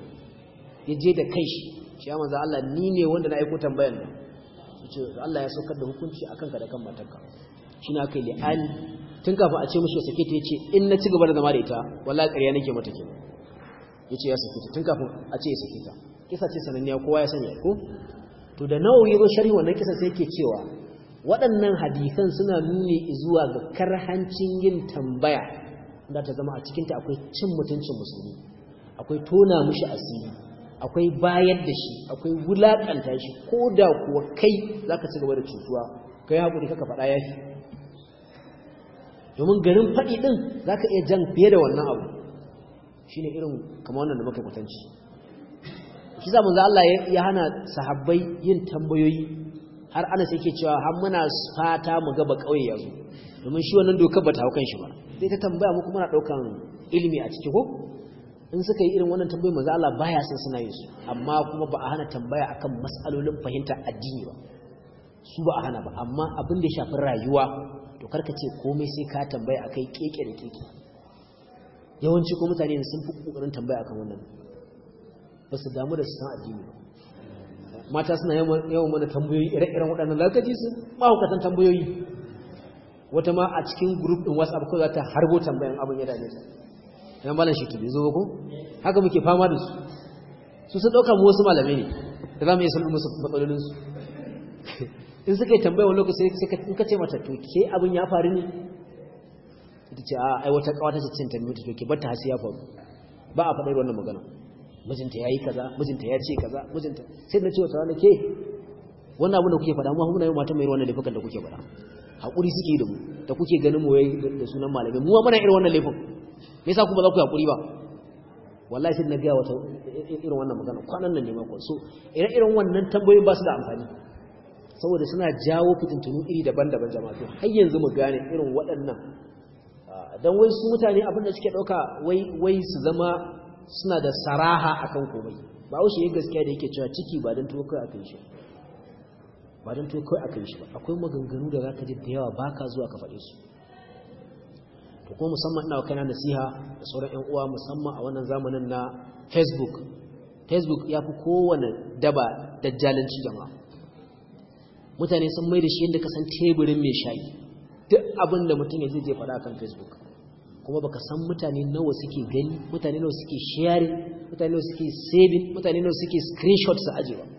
Speaker 1: ya je da kai shi shi ya manzo Allah ni ne wanda na aiko tambayar nan ce Allah ya saukar da hukunci a kanka da kan matarka shi na kai li'ani tun kafin a ce musu ya sake ta ya ce in na ci gaba da zama da ita wallahi ƙarya nake mata ke ya ce ya sake ta tun kafin a ce ya sake ta kisa ce sananniya kowa ya sanya ko to da nawawi ba sharhi wannan kisa sai yake cewa waɗannan hadisan suna nuni zuwa ga karhancin yin tambaya da ta zama a cikin ta akwai cin mutuncin musulmi akwai tona mushi asiri akwai bayar da shi akwai wulakanta shi ko da kuwa kai za ka ci gaba da cutuwa kai haƙuri kaka faɗa ya fi domin garin faɗi ɗin za ka iya jan fiye da wannan abu shine irin kamar wannan da muka kwatanci shi mu za Allah ya hana sahabbai yin tambayoyi har ana sai ke cewa har muna fata mu gaba ƙauye kauye domin shi wannan dokar ba ta haukan shi ba zai ta tambaya mu kuma na daukan ilimi a ciki ko in suka yi irin wannan tambayoyi za Allah baya san suna yin su amma kuma ba a hana tambaya akan mas'alolin fahimtar addini ba su ba a hana ba amma abin da ya shafi rayuwa to karka ce komai sai ka tambaya akai keke da keke yawanci ko mutane sun fi kokarin tambaya akan wannan ba su damu da su san addini ba mata suna yawan mana tambayoyi ire-iren waɗannan lalkaci su mahaukatan tambayoyi wata ma a cikin group ɗin whatsapp ko za ta harbo tambayan abin ya dame ta yan malam shi tubi zo ko haka muke fama da su su su ɗauka mu wasu malamai ne da za mu iya sun musu matsalolinsu in suka yi tambaya wani lokaci in ka ce mata to ke abin ya faru ne ita ce a ai wata kawata ce cin tambayi ta to ke bar ta hasi ya faru ba a faɗar wannan magana mijinta yayi kaza mijinta ya ce kaza mijinta sai na ce wata rana ke wannan abin da kuke faɗa mu muna yi mata mai wannan laifukan da kuke faɗa hakuri suke da mu da kuke ganin mu da sunan malamai mu muna irin wannan laifin me yasa ku ba za ku hakuri ba wallahi sai na ga wata irin wannan magana kwanan nan ne ma ko so irin wannan tambayoyin ba su da amfani saboda suna jawo fitintunu iri daban-daban jama'a to har yanzu mu gane irin waɗannan ah, dan wai su mutane abin da suke ɗauka wai su zama suna da saraha akan komai ba wuce yi gaskiya da yake cewa ciki ba don tuwo kai shi ba don tuwo kai shi ba akwai maganganu da za ka ji da yawa ba ka zuwa ka faɗe su to kuma musamman ina na nasiha da sauran 'yan uwa musamman a wannan zamanin na Facebook Facebook ya fi kowane daba dajjalanci jama'a mutane sun mai da shi yadda ka san teburin mai shayi duk abin da mutum ya zai je faɗa kan Facebook kuma baka san mutane nawa suke gani mutane nawa suke sharing mutane nawa suke saving mutane nawa suke screenshot su ajewa ba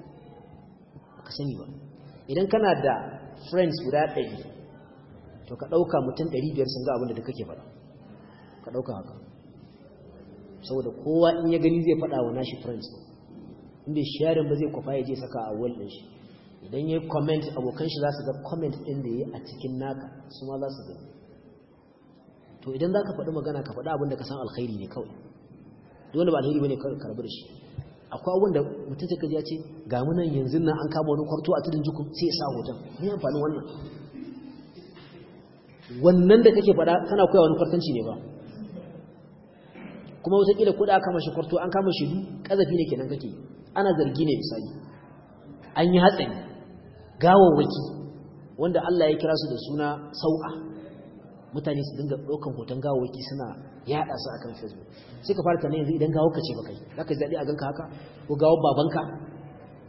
Speaker 1: baka sani ba idan kana da friends guda ɗari to ka ɗauka mutum ɗari biyar sun ga abin da kake faɗa ka ɗauka haka saboda kowa in ya gani zai faɗa wa nashi friends in bai sharing ba zai kwafa ya je saka a wall ɗin shi idan ya yi comment abokan shi za su ga comment ɗin da ya yi a cikin naka su ma za su gani to idan za ka faɗi magana ka faɗi abin da ka san alkhairi ne kawai dole ba alheri ne kawai karbi da shi akwai abin da mutum ta kaji ya ce ga nan yanzu nan an kama wani kwarto a tudun jikun sai ya sa hoton ni amfanin wannan wannan da kake faɗa kana koya wani kwartanci ne ba kuma wataƙila ko da aka mashi kwarto an kama shi ƙazafi ne kenan kake ana zargi ne misali an yi hatsari gawawwaki wanda Allah ya kira su da suna sau'a mutane su dinga ɗaukan hoton gawawaki suna yaɗa su akan facebook sai ka fara kamar yanzu idan gawo ka ce baka yi za ka ji daɗi a ganka haka ko gawon babanka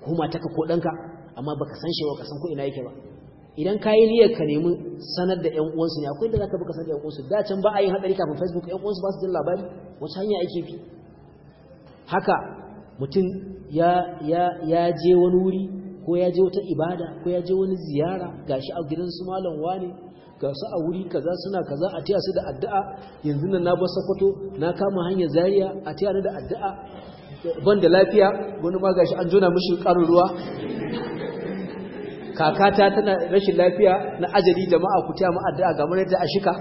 Speaker 1: ko mataka ko ɗanka amma baka san shi ba ka san ko ina yake ba idan ka yi niyyar ka nemi sanar da ƴan uwansu ne akwai da za ka buka sanar da ƴan uwansu da can ba a yin haɗari kafin facebook ƴan uwansu ba su jin labari wacce hanya ake fi haka mutum ya je wani wuri ko ya je wata ibada ko ya je wani ziyara gashi a gidan su malam wane ga su a wuri kaza suna kaza a taya su da addu'a yanzu nan na bar sakwato na kama hanyar Zariya a taya da addu'a ban da lafiya wani ma gashi an jona mishi karin ruwa kakata tana rashin lafiya na ajali jama'a ku taya mu addu'a ga mun a shika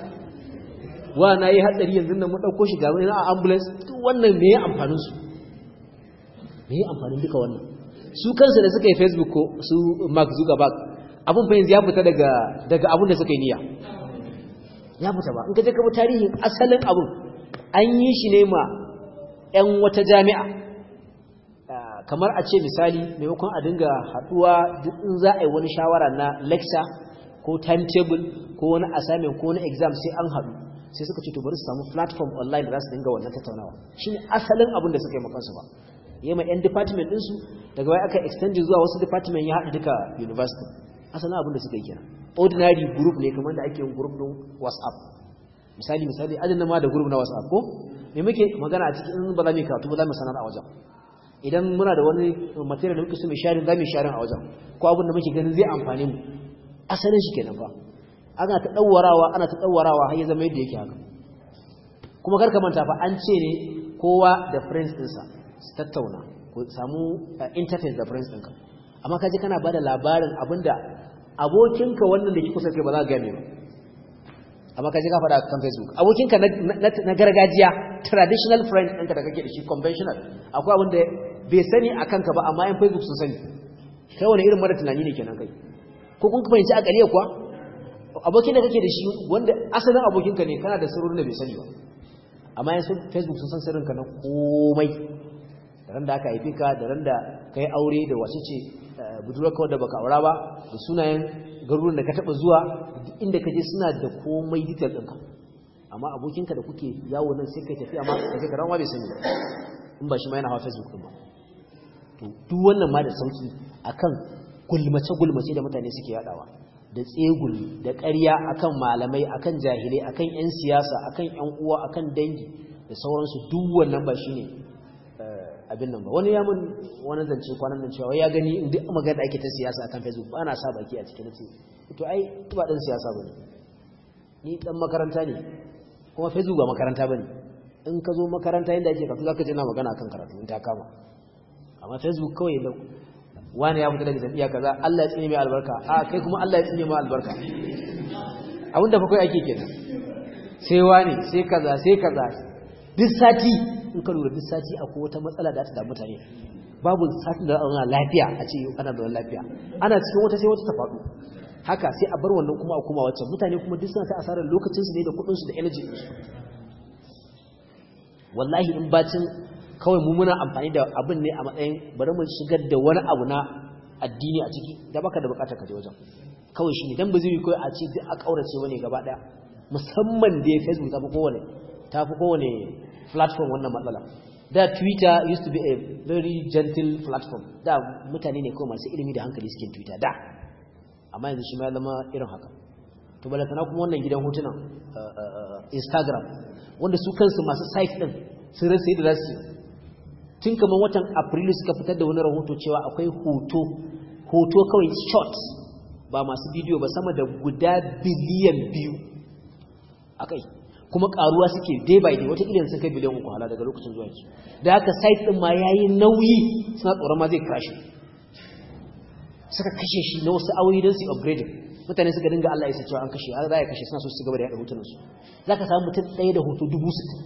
Speaker 1: wa na yi hatsari yanzu nan mu dauko shi ga mun a ambulance duk wannan me ya amfanin su me ya amfanin duka wannan su kansu da suka yi Facebook ko su Mark Zuckerberg abin fahimci ya fita daga abun da suka yi niyya ya fita ba in ka je tarihin asalin abin an yi shi ne ma 'yan wata jami'a ah, kamar a ce misali maimakon a dinga haɗuwa duk in za a yi wani shawara na lecture ko timetable ko wani assignment ko wani exam sai an haɗu sai suka ce to bari su samu platform online da za su dinga wannan tattaunawa ne asalin abin da suka yi makansu ba yi ma 'yan department ɗinsu daga wai aka extend zuwa wasu department ya haɗu duka university asalin abin da suka yi kenan ordinary group ne kamar da ake yin group din whatsapp misali misali adana ma da group na whatsapp ko me muke magana a cikin ba za mu karatu ba za mu sanar a wajen idan muna da wani material da muke so mu share za mu share a wajen ko abin da muke ganin zai amfane mu asalin shi kenan fa ana ta dawwarawa ana ta dawwarawa har ya zama yadda yake haka kuma karka manta fa an ce ne kowa da friends sa su tattauna ku samu eh, interface da friends ka amma kaje kana bada labarin abinda abokinka wannan da ke kusa kai ba za ka gane ba amma ka je ka faɗa kan facebook abokinka na gargajiya traditional friend ɗinka da kake da shi conventional akwai abin da bai sani a kanka ba amma yan facebook sun sani kai wani irin mara tunani ne kenan kai ko kun fahimci ƙariya kuwa abokin da kake da shi wanda asalin abokinka ne kana da sirrin da bai sani ba amma yan facebook sun san sirrinka na komai da ran da aka haife ka da ran da kai aure da wasu ce Eh, budurarka wadda baka aura ba da sunayen garuruwan da ka taba zuwa inda ka je suna da komai detail ɗinka amma abokinka da kuke yawo nan sai kai tafiya ma kai karan ma bai sani in ba shi ma yana hawa facebook ɗin ba to duk wannan ma da sauki akan gulmace gulmace da mutane suke yadawa da tsegul da ƙarya akan malamai akan jahilai akan yan siyasa akan yan uwa akan dangi da sauransu duk wannan ba ne. abin nan ba wani ya mun wani zance kwanan nan cewa ya gani duk magana ake ta siyasa akan facebook ba na sa baki a cikin ce to ai ba dan siyasa ba ne ni dan makaranta ne kuma facebook ba makaranta bane in ka zo makaranta inda ake karatu zaka je na magana akan karatu in ta kama amma facebook kawai da wani ya fita daga jami'a kaza Allah ya tsine mai albarka a kai kuma Allah ya tsine mai albarka abinda fa kai ake kenan sai wani sai kaza sai kaza duk sati in ka lura duk sati akwai wata matsala da ta damu tare babu satin da ana lafiya a ce ana da lafiya ana cikin wata sai wata ta faɗo haka sai a bar wannan kuma a kuma wacce mutane kuma duk suna ta asarar lokacin su ne da kuɗin su da energy su wallahi in bacin kawai mu muna amfani da abin ne a matsayin bari mu shigar da wani abu na addini a ciki da baka da bukatar ka je wajen kawai shi ne dan ba zai yi koyi a ce duk a kaurace wani gaba daya musamman da ya facebook ta kowane ta fi kowane platform wannan matsala da twitter used to be a very gentle platform da mutane ne kawai masu ilimi da hankali suke twitter da amma yanzu shi ma zama irin haka to balantana kuma wannan gidan hotunan eh, eh, eh, instagram wanda su kansu masu site din sun rasa yadda za su tun kamar watan afrilu suka fitar da wani rahoto cewa akwai hoto hoto kawai shots ba masu bidiyo ba sama da guda biliyan biyu a kai kuma karuwa suke day by day wata idan sun kai biliyan uku hala daga lokacin zuwa yanzu da haka site din ma yayi nauyi suna tsoron ma zai crash suka kashe shi na wasu aure don su upgrade mutane suka dinga Allah ya sace an kashe har za ya kashe suna so su gaba da yada hotunan su zaka samu mutum ɗaya da hoto dubu sittin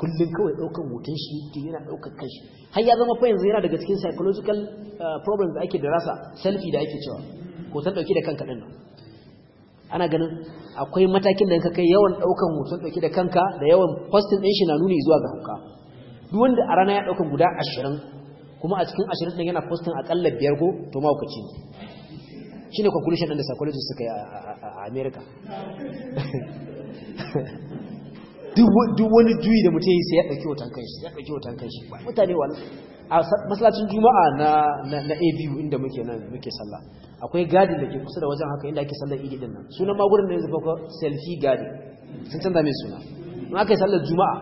Speaker 1: kullum kawai ɗaukan hoton shi yake yana ɗaukar kanshi har ya zama fa yanzu yana daga cikin psychological eh, problems da ake da rasa selfie da ake cewa hoton dauki da kanka din nan ana ganin akwai matakin da ka kai yawan daukan hoton dauke da kanka da yawan posting din shi na nuni zuwa ga hauka duk wanda a rana ya daukan guda 20 kuma a cikin 20 din yana posting aƙalla biyar go to ma hukaci shine conclusion ɗin da psychologists suka yi a America duk wani juyi da mutum yi sai ya dauki hoton kanshi ya dauki hoton kanshi mutane wallahi a masallacin juma'a na na ABU inda muke nan muke sallah akwai gadi da ke kusa da wajen haka inda ake sallar idi din nan sunan ma gurin da yanzu fa selfie gadi sun canza mai suna in aka yi sallar juma'a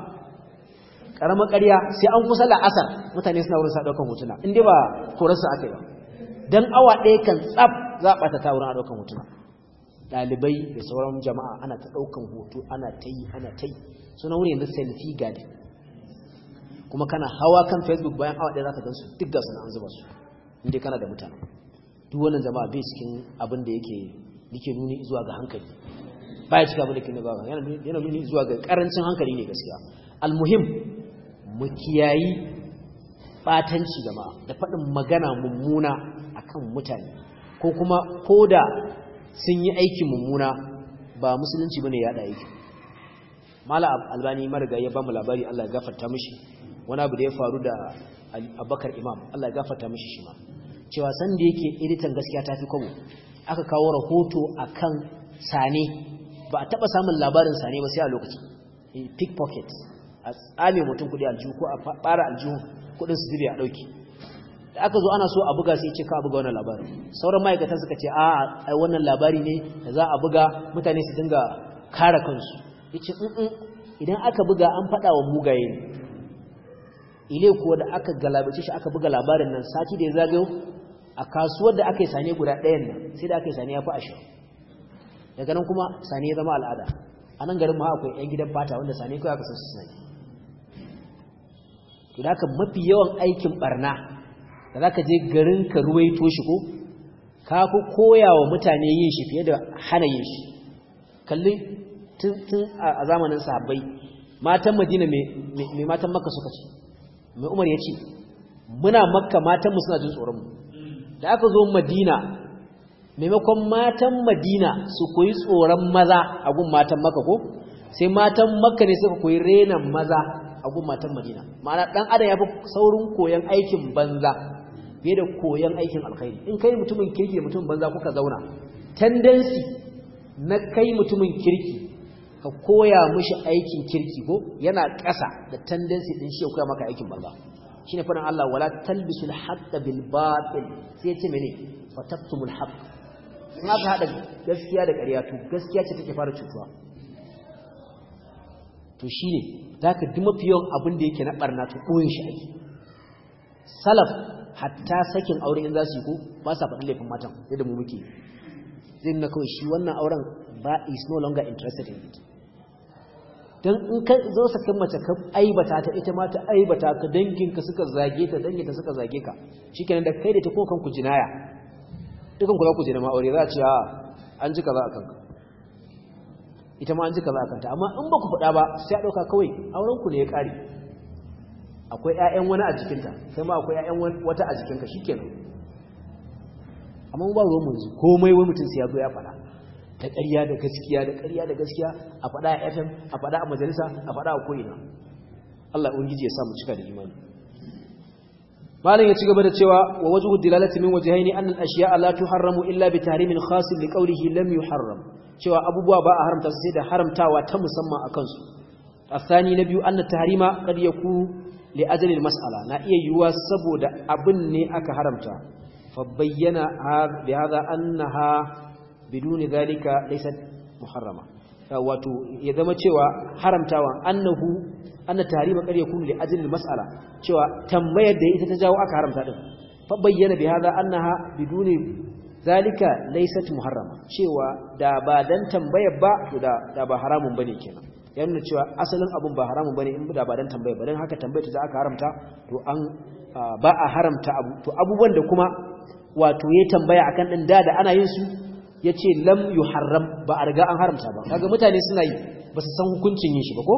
Speaker 1: karamar ƙarya sai an kusa da la'asar mutane suna wurin a ɗaukan hotuna in dai ba korarsa aka yi ba don awa ɗaya kan tsaf za a ɓata ta wurin a ɗaukan hotuna ɗalibai da sauran jama'a ana ta ɗaukan hoto ana ta yi ana ta yi suna wurin yanzu selfie gadi kuma kana hawa kan facebook bayan awa ɗaya za ka gansu duk gasu na an zuba su inda kana da mutane duk wannan jama'a bai cikin abin da yake nike nuni zuwa ga hankali baya cika abin da ke nuna yana nuni zuwa ga karancin hankali ne gaskiya almuhim mu kiyayi batanci jama'a da faɗin magana mummuna akan mutane ko kuma ko da sun yi aiki mummuna ba musulunci bane ya da aiki mala albani mariga ya ba mu labari Allah ya gafarta mishi wani abu da ya faru da abakar imam Allah ya fata mishi shi ma cewa sanda da yake editan gaskiya ta fi kwabo aka kawo rahoto a kan sane ba a taba samun labarin sane ba sai a lokaci pickpocket a tsame mutum kudi aljihu ko a fara aljihu kudin su zube a dauki da aka zo ana so a buga sai ce ka buga wannan labarin sauran ma'aikatan suka ce a wannan labari ne da za a buga mutane su dinga kare kansu yace idan aka buga an fada wa mugaye ne ile kuwa da aka galabace shi aka buga labarin nan sati da ya zagayo a kasuwar da aka yi sane guda ɗayan nan sai da aka yi sane ya fi ashirin daga nan kuma sane ya zama al'ada a nan garin ma akwai 'yan gidan fata wanda sane kawai aka san su sani to da aka mafi yawan aikin barna da za ka je garin ka ruwaito shi ko ka fi koya wa mutane yin shi fiye da hana yin shi kalli tun a zamanin sahabbai matan madina mai matan maka suka ce mai umar ya ce muna makka matanmu suna jin tsoronmu da aka zo madina maimakon matan madina su koyi tsoron maza a gun matan makka ko sai matan makka ne suka koyi renan maza a gun matan madina ma'ana dan adam ya fi saurin koyon aikin banza fiye da koyon aikin alkhairi in kai mutumin kirki da mutumin banza kuka zauna tendensi na kai mutumin kirki ka koya mushi aikin kirki ko yana ƙasa da tendency din shi ya koya maka aikin banza shine farin Allah wala talbisul haqqo bil batil sai ce mene fataktumul haqq ka hada gaskiya da ƙarya to gaskiya ce take fara cutuwa to shine zaka duk fiyon abin da yake na barna to koyin shi aiki salaf hatta sakin aure in zasu yi ko ba sa faɗin laifin matan yadda mu muke zai nuna kawai shi wannan auren ba is no longer interested in it don in ka zo sakin mace ka aibata ta ita ma ta aibata ka danginka suka zage ta dangin ta suka zage ka shikenan da kai da ta kokan ku jinaya dukan ku za ku jina ma aure za a ce ah, an ji kaza a kanka ita ma an ji kaza a kanta amma in ba ku faɗa ba sai a ɗauka kawai auren ku ne ya ƙare akwai ƴaƴan wani a jikinta sai ma akwai ƴaƴan wata a jikinka shikenan amma ba ruwan mu komai wani mutum sai ya zo ya faɗa ta ƙarya da gaskiya da ƙarya da gaskiya a faɗa a FM a faɗa a majalisa a faɗa a ko'ina Allah ubangiji ya samu cika da imani malam ya ci gaba da cewa wa hudu lalata min waje haini annan ashiya la haramu illa bi khasin da li qawlihi lam haram cewa abubuwa ba a haramta su sai da haramtawa ta musamman a akan su na biyu أن harima قد يكون لأجل المسألة mas'ala na iya yiwuwa saboda abin ne aka haramta. فبين بهذا أنها بدون ذلك ليست محرمة wato ya zama cewa haramtawa annahu anna tahrima qad yakunu li ajli al-mas'ala cewa tambayar da ita ta jawo aka haramta din fa bayyana bi hadha annaha biduni zalika laysat muharrama cewa da ba dan tambayar ba to da da ba haramun bane kenan ya cewa asalin abun ba haramun bane in da ba dan tambayar ba dan haka tambayar ta aka haramta to an ba a haramta abu to abubuwan da kuma wato ya tambaya akan din da da ana yin su yace lam yuharram ba a riga an haramta ba kaga mutane suna yi ba su san hukuncin yin shi ba ko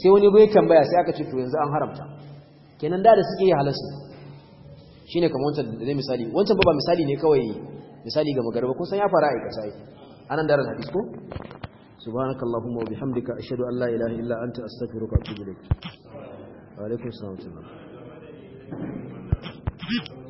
Speaker 1: sai wani ya tambaya sai aka ce to yanzu an haramta kenan da da suke yi halasu shine kamar wancan da misali wancan ba ba misali ne kawai misali ga magarba ko san ya fara aika sai anan daren hadis ko subhanakallahumma wa bihamdika ashhadu an la ilaha illa anta astaghfiruka wa atubu ilaik wa alaikum assalam